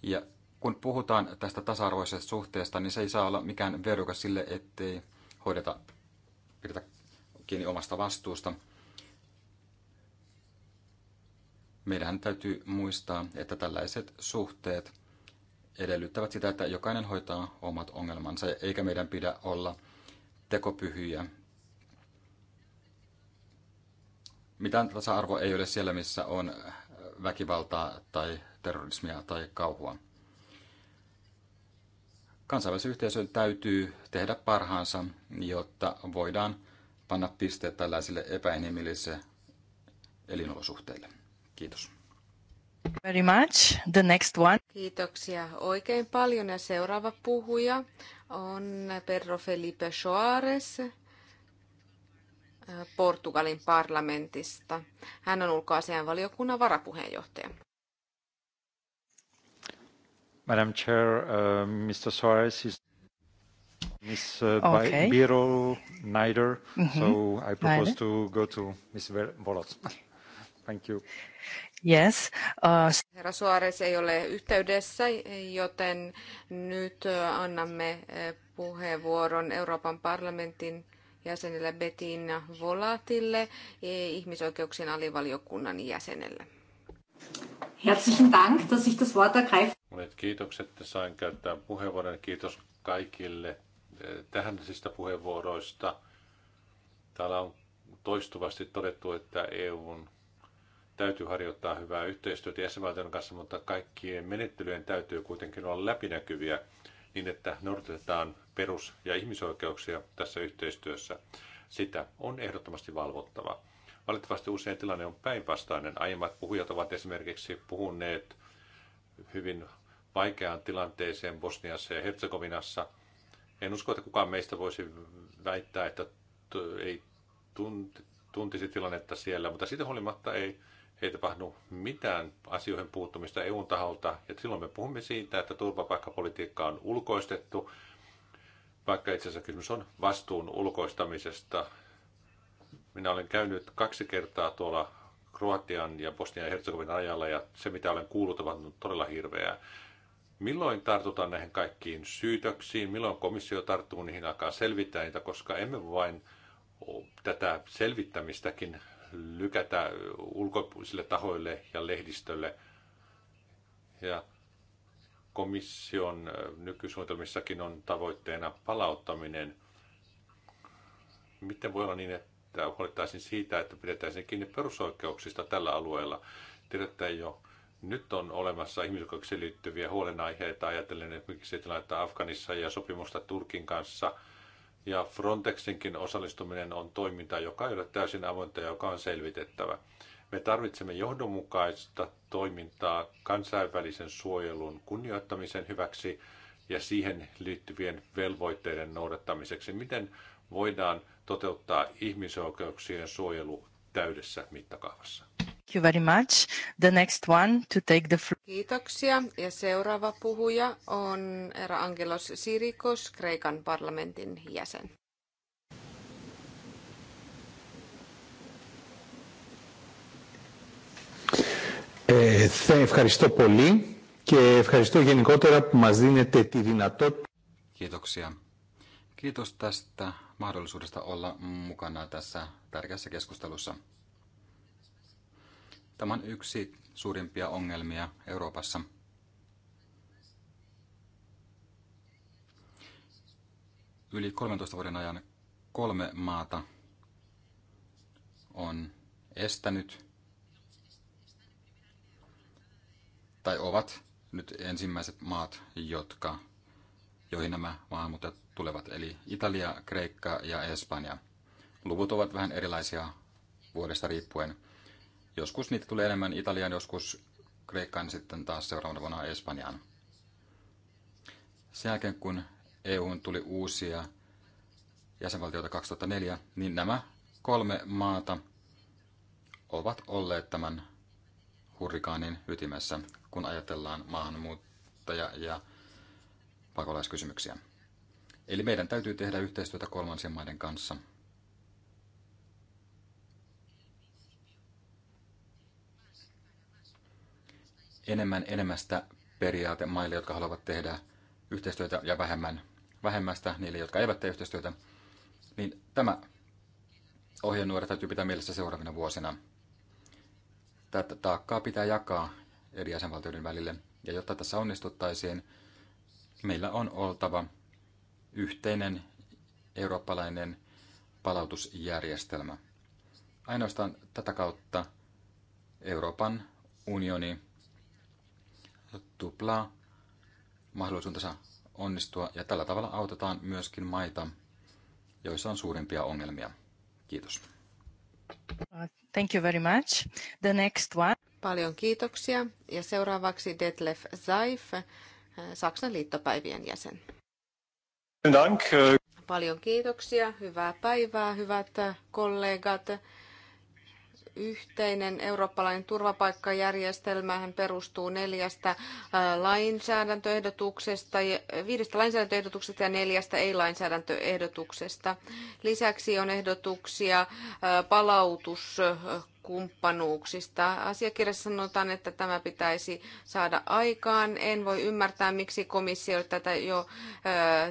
Ja kun puhutaan tästä tasa-arvoisesta suhteesta, niin se ei saa olla mikään veruka sille, ettei hoideta, pidetä kiinni omasta vastuusta. Meidän täytyy muistaa, että tällaiset suhteet edellyttävät sitä, että jokainen hoitaa omat ongelmansa, eikä meidän pidä olla tekopyhyjä. Mitään tasa-arvo ei ole siellä, missä on väkivaltaa tai terrorismia tai kauhua. Kansainvälisen yhteisön täytyy tehdä parhaansa, jotta voidaan panna pisteet tällaisille epäinhimillisille elinolosuhteille. Kiitos. Very much. The next one. Kiitoksia oikein paljon ja seuraava puhuja on Pedro Felipe Soares äh, Portugalin parlamentista. Hän on ulkoasianvaliokunnan varapuheenjohtaja. Madam Chair, uh, Mr. Suarez is Ms. Uh, okay. Biro mm -hmm. so I propose neither. to go to Ms. Thank you. Yes. Uh... Herra Suarez ei ole yhteydessä, joten nyt uh, annamme uh, puheenvuoron Euroopan parlamentin jäsenelle Bettina Volatille, e, ihmisoikeuksien alivaliokunnan jäsenelle. Herzlichen Dank, dass ich das Wort ergreife. Monet kiitokset, että sain käyttää puheenvuoron. Kiitos kaikille eh, tähänlisistä puheenvuoroista. Täällä on toistuvasti todettu, että EUn täytyy harjoittaa hyvää yhteistyötä jäsenvaltion kanssa, mutta kaikkien menettelyjen täytyy kuitenkin olla läpinäkyviä niin, että noudatetaan perus- ja ihmisoikeuksia tässä yhteistyössä. Sitä on ehdottomasti valvottava. Valitettavasti usein tilanne on päinvastainen. Aiemmat puhujat ovat esimerkiksi puhuneet hyvin vaikeaan tilanteeseen Bosniassa ja Herzegovinassa. En usko, että kukaan meistä voisi väittää, että ei tuntisi tilannetta siellä, mutta siitä huolimatta ei, ei tapahdu mitään asioihin puuttumista EUn taholta. Ja silloin me puhumme siitä, että turvapaikkapolitiikka on ulkoistettu, vaikka itse asiassa kysymys on vastuun ulkoistamisesta. Minä olen käynyt kaksi kertaa tuolla Kroatian ja Bosnian ja Herzegovinan ajalla ja se mitä olen kuullut on todella hirveää. Milloin tartutaan näihin kaikkiin syytöksiin, milloin komissio tarttuu niihin alkaa selvittää niitä, koska emme vain tätä selvittämistäkin lykätä ulkopuolisille tahoille ja lehdistölle. Ja komission nykysuunnitelmissakin on tavoitteena palauttaminen. Miten voi olla niin, että huolittaisin siitä, että pidetään kiinni perusoikeuksista tällä alueella? Tiedätte jo nyt on olemassa ihmisoikeuksiin liittyviä huolenaiheita, ajatellen esimerkiksi tilannetta Afganissa ja sopimusta Turkin kanssa. Ja Frontexinkin osallistuminen on toiminta, joka ei ole täysin avointa ja joka on selvitettävä. Me tarvitsemme johdonmukaista toimintaa kansainvälisen suojelun kunnioittamisen hyväksi ja siihen liittyvien velvoitteiden noudattamiseksi. Miten voidaan toteuttaa ihmisoikeuksien suojelu täydessä mittakaavassa? Thank you very much. The next one to take the floor. Kiitoksia. Ja seuraava puhuja on herra Angelos Sirikos, Kreikan parlamentin jäsen. ευχαριστώ πολύ και ευχαριστώ γενικότερα που μας δίνετε τη δυνατότητα. Kiitoksia. Kiitos tästä mahdollisuudesta olla mukana tässä tärkeässä keskustelussa. Tämä on yksi suurimpia ongelmia Euroopassa. Yli 13 vuoden ajan kolme maata on estänyt tai ovat nyt ensimmäiset maat, jotka, joihin nämä maahanmuuttajat tulevat, eli Italia, Kreikka ja Espanja. Luvut ovat vähän erilaisia vuodesta riippuen Joskus niitä tulee enemmän Italiaan, joskus Kreikkaan ja sitten taas seuraavana vuonna Espanjaan. Sen jälkeen kun EUn tuli uusia jäsenvaltioita 2004, niin nämä kolme maata ovat olleet tämän hurrikaanin ytimessä, kun ajatellaan maahanmuuttaja- ja pakolaiskysymyksiä. Eli meidän täytyy tehdä yhteistyötä kolmansien maiden kanssa – enemmän enemmästä periaate maille, jotka haluavat tehdä yhteistyötä ja vähemmän vähemmästä niille, jotka eivät tee yhteistyötä, niin tämä ohjenuora täytyy pitää mielessä seuraavina vuosina. Tätä taakkaa pitää jakaa eri jäsenvaltioiden välille, ja jotta tässä onnistuttaisiin, meillä on oltava yhteinen eurooppalainen palautusjärjestelmä. Ainoastaan tätä kautta Euroopan unioni tuplaa mahdollisuutensa onnistua ja tällä tavalla autetaan myöskin maita, joissa on suurimpia ongelmia. Kiitos. Thank you very much. The next one. Paljon kiitoksia. Ja seuraavaksi Detlef Zaif, äh, Saksan liittopäivien jäsen. Dank. Paljon kiitoksia. Hyvää päivää, hyvät kollegat. Yhteinen eurooppalainen turvapaikkajärjestelmä hän perustuu neljästä lainsäädäntöehdotuksesta, viidestä lainsäädäntöehdotuksesta ja neljästä ei-lainsäädäntöehdotuksesta. Lisäksi on ehdotuksia palautus kumppanuuksista. Asiakirjassa sanotaan, että tämä pitäisi saada aikaan. En voi ymmärtää, miksi komissio tätä jo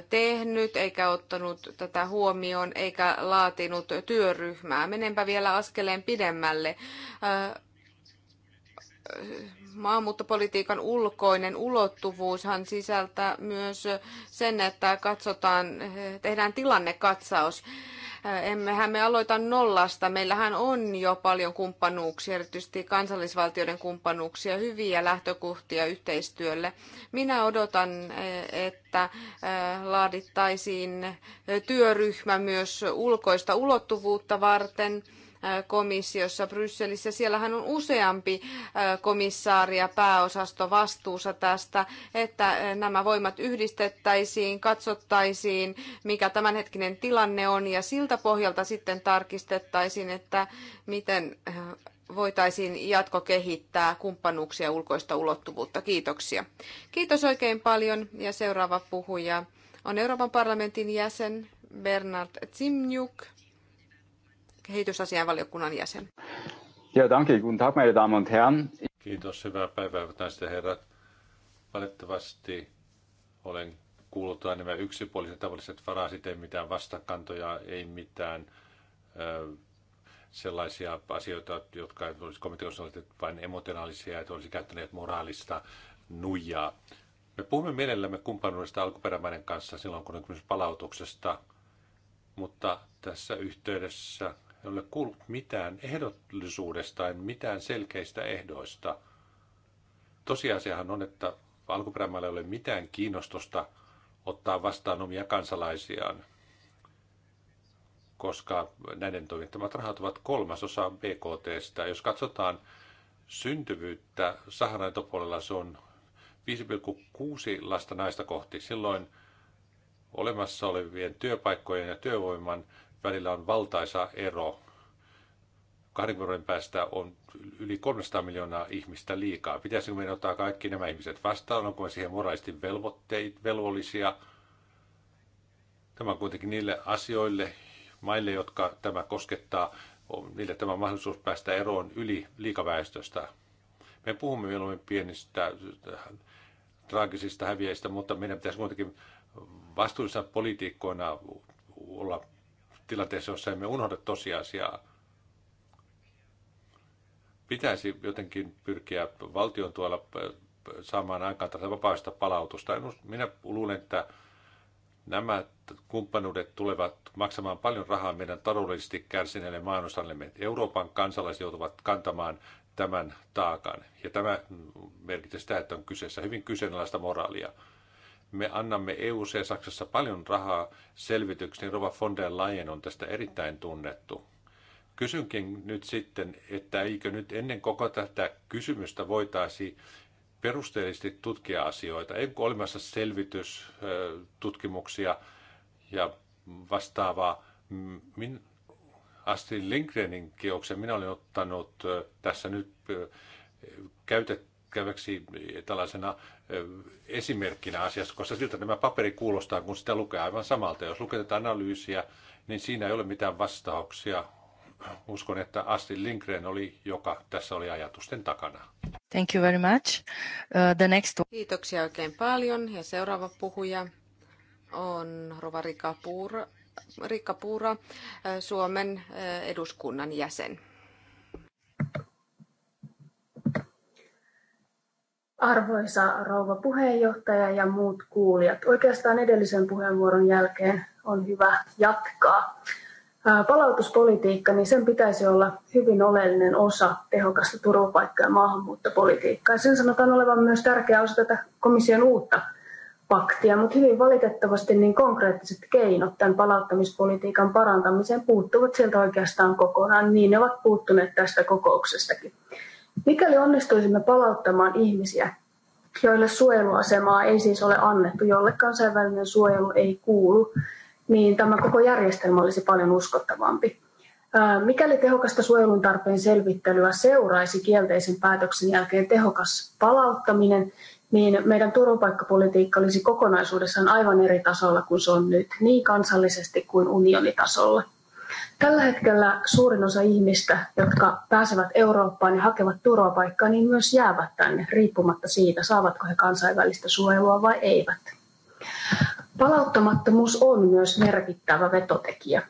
tehnyt, eikä ottanut tätä huomioon, eikä laatinut työryhmää. Menenpä vielä askeleen pidemmälle. Ö, maahanmuuttopolitiikan ulkoinen ulottuvuushan sisältää myös sen, että katsotaan, tehdään tilannekatsaus. Emmehän me aloita nollasta. Meillähän on jo paljon kumppanuuksia, erityisesti kansallisvaltioiden kumppanuuksia, hyviä lähtökohtia yhteistyölle. Minä odotan, että laadittaisiin työryhmä myös ulkoista ulottuvuutta varten – komissiossa Brysselissä. Siellähän on useampi komissaari ja pääosasto vastuussa tästä, että nämä voimat yhdistettäisiin, katsottaisiin, mikä tämänhetkinen tilanne on ja siltä pohjalta sitten tarkistettaisiin, että miten voitaisiin jatkokehittää kumppanuuksia ja ulkoista ulottuvuutta. Kiitoksia. Kiitos oikein paljon ja seuraava puhuja on Euroopan parlamentin jäsen Bernard Zimniuk kehitysasianvaliokunnan jäsen. Ja danke, guten Tag, meine Damen und Herren. Kiitos, hyvää päivää, näistä naiset ja herrat. Valitettavasti olen kuullut aina nämä yksipuoliset tavalliset varasit, ei mitään vastakantoja, ei mitään ö, sellaisia asioita, jotka olisi komiteossa vain emotionaalisia, että olisi käyttäneet moraalista nuijaa. Me puhumme mielellämme kumppanuudesta alkuperämaiden kanssa silloin, kun on kysymys palautuksesta, mutta tässä yhteydessä en ole kuullut mitään ehdollisuudesta, en mitään selkeistä ehdoista. Tosiasiahan on, että alkuperämaalla ei ole mitään kiinnostusta ottaa vastaan omia kansalaisiaan, koska näiden toimittamat rahat ovat kolmasosa stä. Jos katsotaan syntyvyyttä Saharan etupuolella, se on 5,6 lasta naista kohti. Silloin olemassa olevien työpaikkojen ja työvoiman välillä on valtaisa ero. 20 vuoden päästä on yli 300 miljoonaa ihmistä liikaa. Pitäisikö meidän ottaa kaikki nämä ihmiset vastaan? Onko me siihen moraalisti velvoitteet, velvollisia? Tämä on kuitenkin niille asioille, maille, jotka tämä koskettaa, niille tämä mahdollisuus päästä eroon yli liikaväestöstä. Me puhumme mieluummin pienistä traagisista häviäjistä, mutta meidän pitäisi kuitenkin vastuullisena politiikkoina olla tilanteessa, jossa emme unohda tosiasiaa. Pitäisi jotenkin pyrkiä valtion tuolla äh, saamaan aikaan tätä vapaista palautusta. Minä luulen, että nämä kumppanuudet tulevat maksamaan paljon rahaa meidän taloudellisesti kärsineille maanosallemme. Euroopan kansalaiset joutuvat kantamaan tämän taakan. Ja tämä merkitsee sitä, että on kyseessä hyvin kyseenalaista moraalia. Me annamme ja e Saksassa paljon rahaa selvityksiin. Rova von der Leyen on tästä erittäin tunnettu. Kysynkin nyt sitten, että eikö nyt ennen koko tätä kysymystä voitaisi perusteellisesti tutkia asioita. Ei olemassa selvitys, tutkimuksia ja vastaavaa. Min, asti Lindgrenin kioksen minä olen ottanut tässä nyt käytettäväksi tällaisena esimerkkinä asiasta, koska siltä nämä paperi kuulostaa, kun sitä lukee aivan samalta. Jos lukee tätä analyysiä, niin siinä ei ole mitään vastauksia. Uskon, että Astrid Lindgren oli, joka tässä oli ajatusten takana. Thank you very much. Uh, the next... Kiitoksia oikein paljon. Ja seuraava puhuja on Rova Rika Puura, Puura, Suomen eduskunnan jäsen. Arvoisa rouva puheenjohtaja ja muut kuulijat, oikeastaan edellisen puheenvuoron jälkeen on hyvä jatkaa. Palautuspolitiikka, niin sen pitäisi olla hyvin oleellinen osa tehokasta turvapaikka- ja maahanmuuttopolitiikkaa. Sen sanotaan olevan myös tärkeä osa tätä komission uutta paktia, mutta hyvin valitettavasti niin konkreettiset keinot tämän palauttamispolitiikan parantamiseen puuttuvat sieltä oikeastaan kokonaan. Niin ne ovat puuttuneet tästä kokouksestakin. Mikäli onnistuisimme palauttamaan ihmisiä, joille suojeluasemaa ei siis ole annettu, jolle kansainvälinen suojelu ei kuulu, niin tämä koko järjestelmä olisi paljon uskottavampi. Mikäli tehokasta suojelun tarpeen selvittelyä seuraisi kielteisen päätöksen jälkeen tehokas palauttaminen, niin meidän turvapaikkapolitiikka olisi kokonaisuudessaan aivan eri tasolla kuin se on nyt, niin kansallisesti kuin unionitasolla. Tällä hetkellä suurin osa ihmistä, jotka pääsevät Eurooppaan ja hakevat turvapaikkaa, niin myös jäävät tänne, riippumatta siitä, saavatko he kansainvälistä suojelua vai eivät. Palauttamattomuus on myös merkittävä vetotekijä,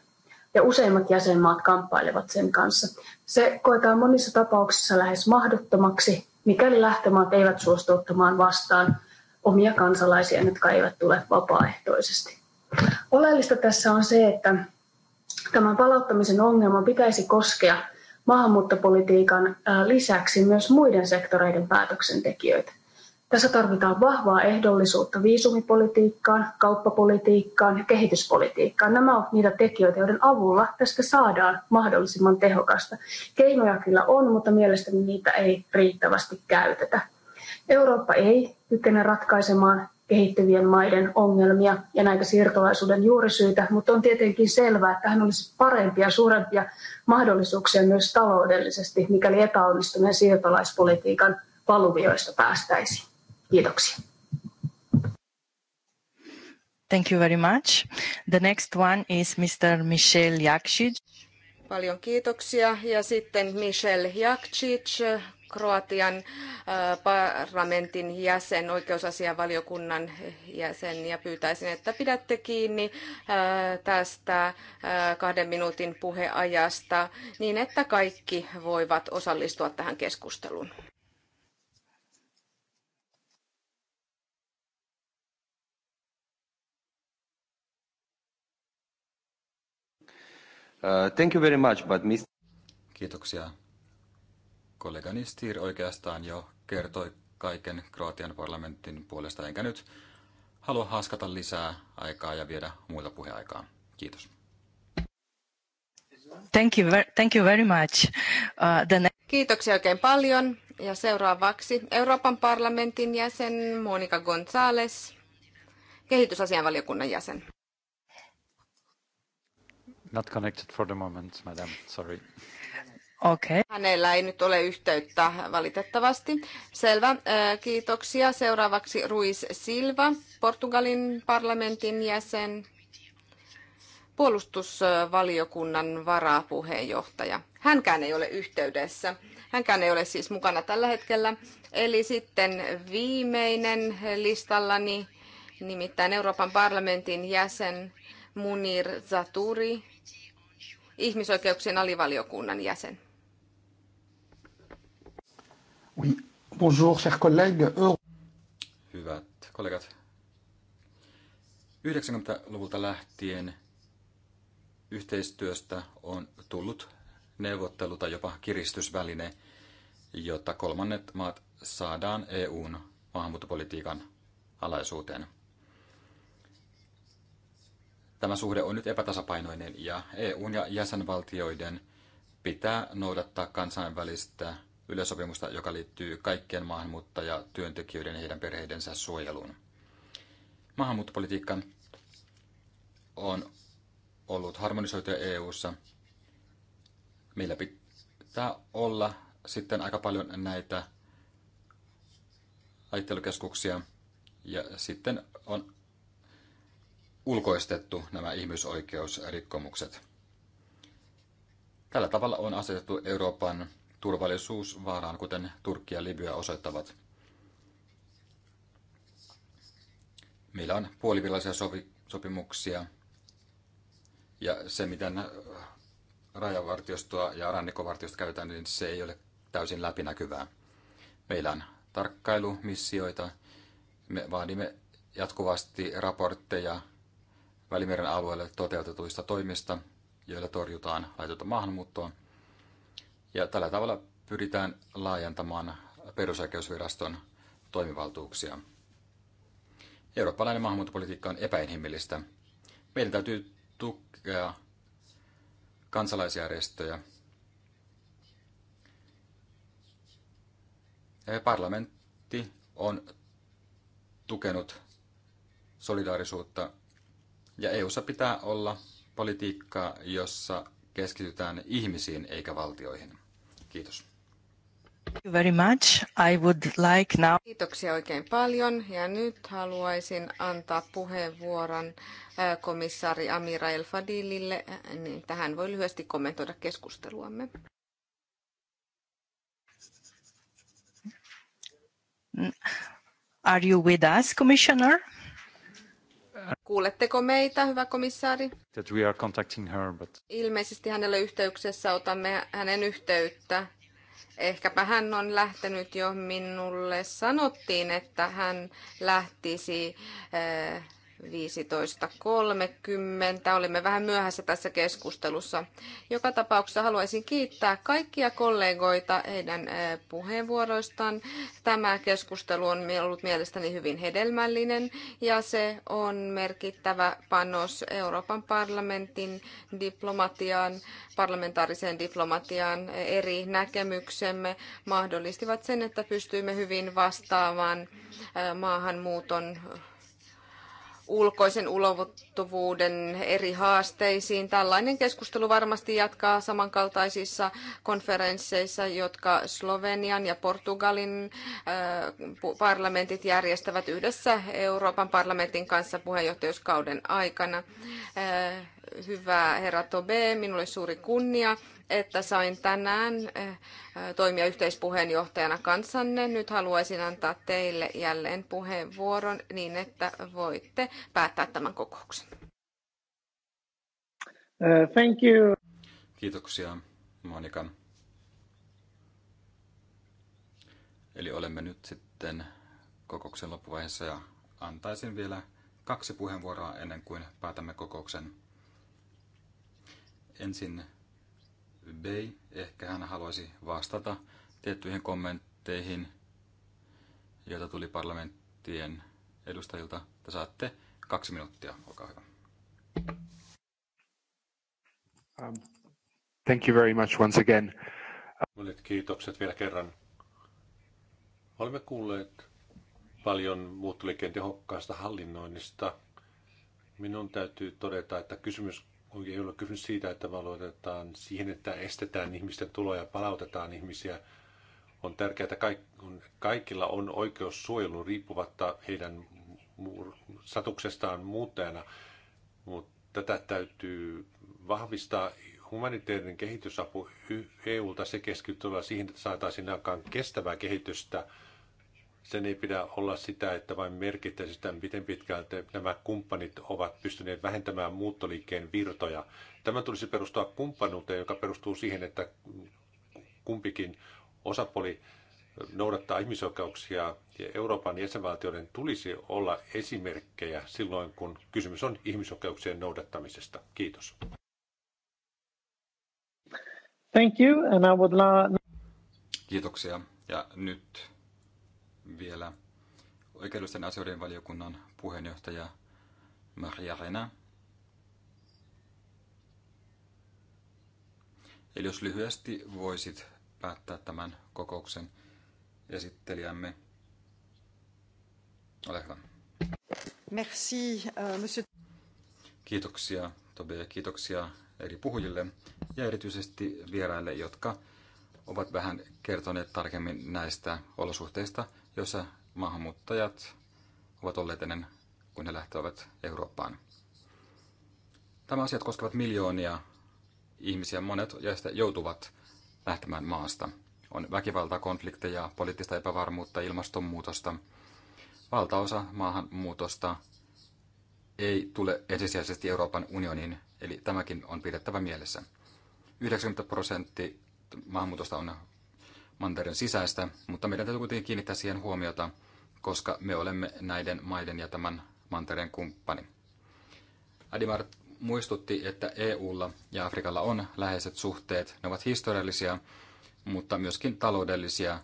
ja useimmat jäsenmaat kamppailevat sen kanssa. Se koetaan monissa tapauksissa lähes mahdottomaksi, mikäli lähtömaat eivät suostu ottamaan vastaan omia kansalaisia, jotka eivät tule vapaaehtoisesti. Oleellista tässä on se, että tämän palauttamisen ongelman pitäisi koskea maahanmuuttopolitiikan lisäksi myös muiden sektoreiden päätöksentekijöitä. Tässä tarvitaan vahvaa ehdollisuutta viisumipolitiikkaan, kauppapolitiikkaan ja kehityspolitiikkaan. Nämä ovat niitä tekijöitä, joiden avulla tästä saadaan mahdollisimman tehokasta. Keinoja kyllä on, mutta mielestäni niitä ei riittävästi käytetä. Eurooppa ei kykene ratkaisemaan kehittyvien maiden ongelmia ja näitä siirtolaisuuden juurisyitä, mutta on tietenkin selvää, että hän olisi parempia, suurempia mahdollisuuksia myös taloudellisesti, mikäli epäonnistuneen siirtolaispolitiikan valuvioista päästäisiin. Kiitoksia. Thank you very much. The next one is Mr. Michel Jakšić. Paljon kiitoksia. Ja sitten Michel Jakšić, Kroatian parlamentin jäsen, oikeusasianvaliokunnan jäsen ja pyytäisin, että pidätte kiinni tästä kahden minuutin puheajasta niin, että kaikki voivat osallistua tähän keskusteluun. thank you very much, but Mr. Kiitoksia, kollegani Stier oikeastaan jo kertoi kaiken Kroatian parlamentin puolesta, enkä nyt halua haskata lisää aikaa ja viedä muuta puheaikaa. Kiitos. Thank you, thank you very much. Uh, the... Kiitoksia oikein paljon. Ja seuraavaksi Euroopan parlamentin jäsen Monika González, kehitysasianvaliokunnan jäsen. Not connected for the moment, madam. Sorry. Okay. Hänellä ei nyt ole yhteyttä valitettavasti. Selvä. Kiitoksia. Seuraavaksi Ruiz Silva, Portugalin parlamentin jäsen, puolustusvaliokunnan varapuheenjohtaja. Hänkään ei ole yhteydessä. Hänkään ei ole siis mukana tällä hetkellä. Eli sitten viimeinen listallani, nimittäin Euroopan parlamentin jäsen Munir Zaturi, ihmisoikeuksien alivaliokunnan jäsen. Oui. Bonjour, chers collègues. Hyvät kollegat. 90-luvulta lähtien yhteistyöstä on tullut neuvottelu tai jopa kiristysväline, jotta kolmannet maat saadaan EUn maahanmuuttopolitiikan alaisuuteen. Tämä suhde on nyt epätasapainoinen ja EUn ja jäsenvaltioiden pitää noudattaa kansainvälistä yleissopimusta, joka liittyy kaikkien maahanmuuttajatyöntekijöiden ja heidän perheidensä suojeluun. Maahanmuuttopolitiikka on ollut harmonisoitua EU-ssa. Meillä pitää olla sitten aika paljon näitä ajattelukeskuksia ja sitten on ulkoistettu nämä ihmisoikeusrikkomukset. Tällä tavalla on asetettu Euroopan turvallisuusvaaraan, kuten Turkki ja Libya osoittavat. Meillä on puolivillaisia sovi- sopimuksia ja se, miten äh, rajavartiostoa ja rannikkovartiosta käytetään, niin se ei ole täysin läpinäkyvää. Meillä on tarkkailumissioita, me vaadimme jatkuvasti raportteja Välimeren alueelle toteutetuista toimista, joilla torjutaan laitonta maahanmuuttoa – ja tällä tavalla pyritään laajentamaan perusoikeusviraston toimivaltuuksia. Eurooppalainen maahanmuuttopolitiikka on epäinhimillistä. Meidän täytyy tukea kansalaisjärjestöjä. parlamentti on tukenut solidaarisuutta ja EU EU-ssa pitää olla politiikkaa, jossa keskitytään ihmisiin eikä valtioihin. Kiitos. Thank you very much. I would like now... Kiitoksia oikein paljon ja nyt haluaisin antaa puheenvuoron äh, komissaari Amira El-Fadilille, niin tähän voi lyhyesti kommentoida keskusteluamme. Are you with us, Commissioner? Kuuletteko meitä, hyvä komissaari? That we are contacting her, but... Ilmeisesti hänellä yhteyksessä otamme hänen yhteyttä. Ehkäpä hän on lähtenyt jo. Minulle sanottiin, että hän lähtisi eh, 15.30. Olimme vähän myöhässä tässä keskustelussa. Joka tapauksessa haluaisin kiittää kaikkia kollegoita heidän eh, puheenvuoroistaan. Tämä keskustelu on ollut mielestäni hyvin hedelmällinen ja se on merkittävä panos Euroopan parlamentin diplomatiaan, parlamentaariseen diplomatiaan. Eri näkemyksemme mahdollistivat sen, että pystyimme hyvin vastaamaan eh, maahanmuuton ulkoisen ulottuvuuden eri haasteisiin. Tällainen keskustelu varmasti jatkaa samankaltaisissa konferensseissa, jotka Slovenian ja Portugalin äh, parlamentit järjestävät yhdessä Euroopan parlamentin kanssa puheenjohtajuuskauden aikana. Äh, hyvä herra Tobe, minulle suuri kunnia että sain tänään eh, eh, toimia yhteispuheenjohtajana kanssanne. Nyt haluaisin antaa teille jälleen puheenvuoron niin, että voitte päättää tämän kokouksen. Uh, thank you. Kiitoksia, Monika. Eli olemme nyt sitten kokouksen loppuvaiheessa ja antaisin vielä kaksi puheenvuoroa ennen kuin päätämme kokouksen. Ensin Bay. Ehkä hän haluaisi vastata tiettyihin kommentteihin, joita tuli parlamenttien edustajilta. Te saatte kaksi minuuttia, olkaa hyvä. Um, thank you very much once again. Monet no niin, kiitokset vielä kerran. Olemme kuulleet paljon muuttoliikkeen tehokkaasta hallinnoinnista. Minun täytyy todeta, että kysymys ei ole kysymys siitä, että valoitetaan siihen, että estetään ihmisten tuloja, palautetaan ihmisiä. On tärkeää, että kaikilla on oikeus suojeluun riippuvatta heidän satuksestaan muuttajana, mutta tätä täytyy vahvistaa. Humanitaarinen kehitysapu EUlta se keskittyy siihen, että saataisiin aikaan kestävää kehitystä – sen ei pidä olla sitä, että vain merkittäisiin sitä, miten pitkälti nämä kumppanit ovat pystyneet vähentämään muuttoliikkeen virtoja. Tämä tulisi perustua kumppanuuteen, joka perustuu siihen, että kumpikin osapuoli noudattaa ihmisoikeuksia ja Euroopan jäsenvaltioiden tulisi olla esimerkkejä silloin, kun kysymys on ihmisoikeuksien noudattamisesta. Kiitos. Thank you, and I would la- Kiitoksia. Ja nyt vielä oikeudellisten asioiden valiokunnan puheenjohtaja Maria Rena. Eli jos lyhyesti voisit päättää tämän kokouksen esittelijämme. Ole hyvä. Merci, uh, monsieur. Kiitoksia Tobe ja kiitoksia eri puhujille ja erityisesti vieraille, jotka ovat vähän kertoneet tarkemmin näistä olosuhteista – joissa maahanmuuttajat ovat olleet ennen kuin he lähtevät Eurooppaan. Tämä asiat koskevat miljoonia ihmisiä, monet joista joutuvat lähtemään maasta. On väkivaltaa, konflikteja, poliittista epävarmuutta, ilmastonmuutosta. Valtaosa maahanmuutosta ei tule ensisijaisesti Euroopan unioniin, eli tämäkin on pidettävä mielessä. 90 prosenttia maahanmuutosta on mantereen sisäistä, mutta meidän täytyy kuitenkin kiinnittää siihen huomiota, koska me olemme näiden maiden ja tämän mantereen kumppani. Adimar muistutti, että EUlla ja Afrikalla on läheiset suhteet. Ne ovat historiallisia, mutta myöskin taloudellisia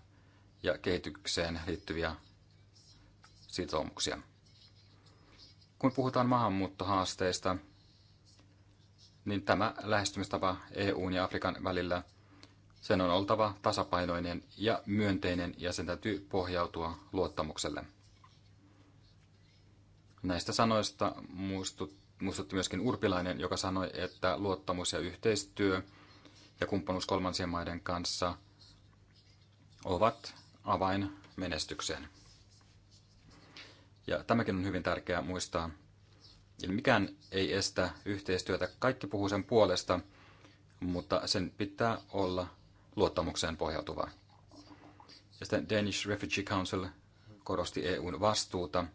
ja kehitykseen liittyviä sitoumuksia. Kun puhutaan maahanmuuttohaasteista, niin tämä lähestymistapa EUn ja Afrikan välillä – sen on oltava tasapainoinen ja myönteinen ja sen täytyy pohjautua luottamukselle. Näistä sanoista muistutti myöskin Urpilainen, joka sanoi, että luottamus ja yhteistyö ja kumppanuus kolmansien maiden kanssa ovat avain menestykseen. Ja tämäkin on hyvin tärkeää muistaa. Eli mikään ei estä yhteistyötä. Kaikki puhuu sen puolesta, mutta sen pitää olla luottamukseen pohjautuvaa. Ja sitten Danish Refugee Council korosti EUn vastuuta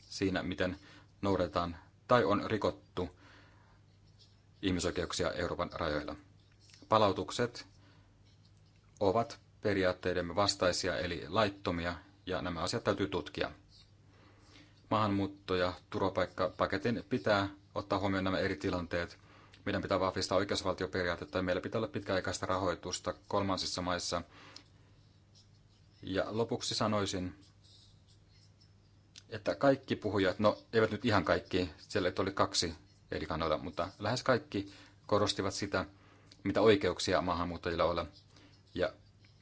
siinä, miten noudatetaan tai on rikottu ihmisoikeuksia Euroopan rajoilla. Palautukset ovat periaatteidemme vastaisia eli laittomia ja nämä asiat täytyy tutkia. Maahanmuutto- ja turvapaikkapaketin pitää ottaa huomioon nämä eri tilanteet meidän pitää vahvistaa oikeusvaltioperiaatetta ja meillä pitää olla pitkäaikaista rahoitusta kolmansissa maissa. Ja lopuksi sanoisin, että kaikki puhujat, no eivät nyt ihan kaikki, siellä oli kaksi eri kannalta, mutta lähes kaikki korostivat sitä, mitä oikeuksia maahanmuuttajilla on Ja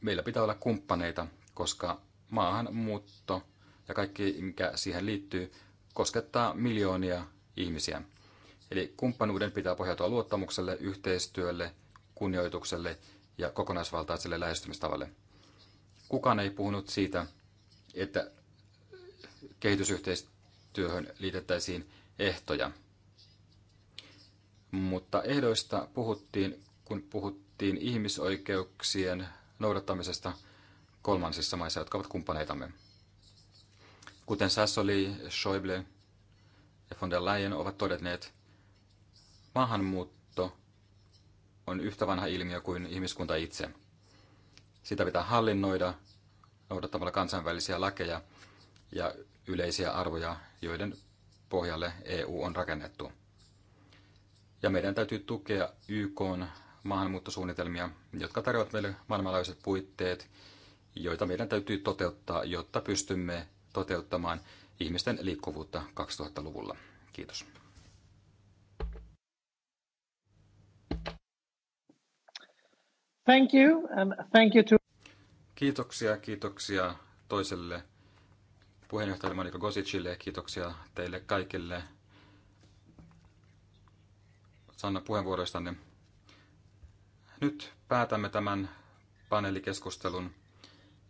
meillä pitää olla kumppaneita, koska maahanmuutto ja kaikki, mikä siihen liittyy, koskettaa miljoonia ihmisiä. Eli kumppanuuden pitää pohjautua luottamukselle, yhteistyölle, kunnioitukselle ja kokonaisvaltaiselle lähestymistavalle. Kukaan ei puhunut siitä, että kehitysyhteistyöhön liitettäisiin ehtoja. Mutta ehdoista puhuttiin, kun puhuttiin ihmisoikeuksien noudattamisesta kolmansissa maissa, jotka ovat kumppaneitamme. Kuten Sassoli, Schäuble ja von der Leyen ovat todenneet, Maahanmuutto on yhtä vanha ilmiö kuin ihmiskunta itse. Sitä pitää hallinnoida noudattamalla kansainvälisiä lakeja ja yleisiä arvoja, joiden pohjalle EU on rakennettu. Ja meidän täytyy tukea YK maahanmuuttosuunnitelmia, jotka tarjoavat meille maailmanlaajuiset puitteet, joita meidän täytyy toteuttaa, jotta pystymme toteuttamaan ihmisten liikkuvuutta 2000-luvulla. Kiitos. Thank you and thank you to... Kiitoksia, kiitoksia toiselle puheenjohtajalle Monika Gosicille ja kiitoksia teille kaikille Sanna puheenvuoroistanne. Nyt päätämme tämän paneelikeskustelun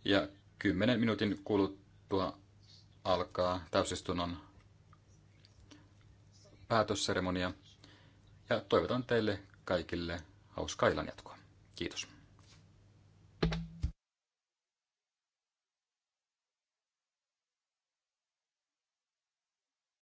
ja kymmenen minuutin kuluttua alkaa täysistunnon päätösseremonia ja toivotan teille kaikille hauskaa illanjatkoa. Kiitos.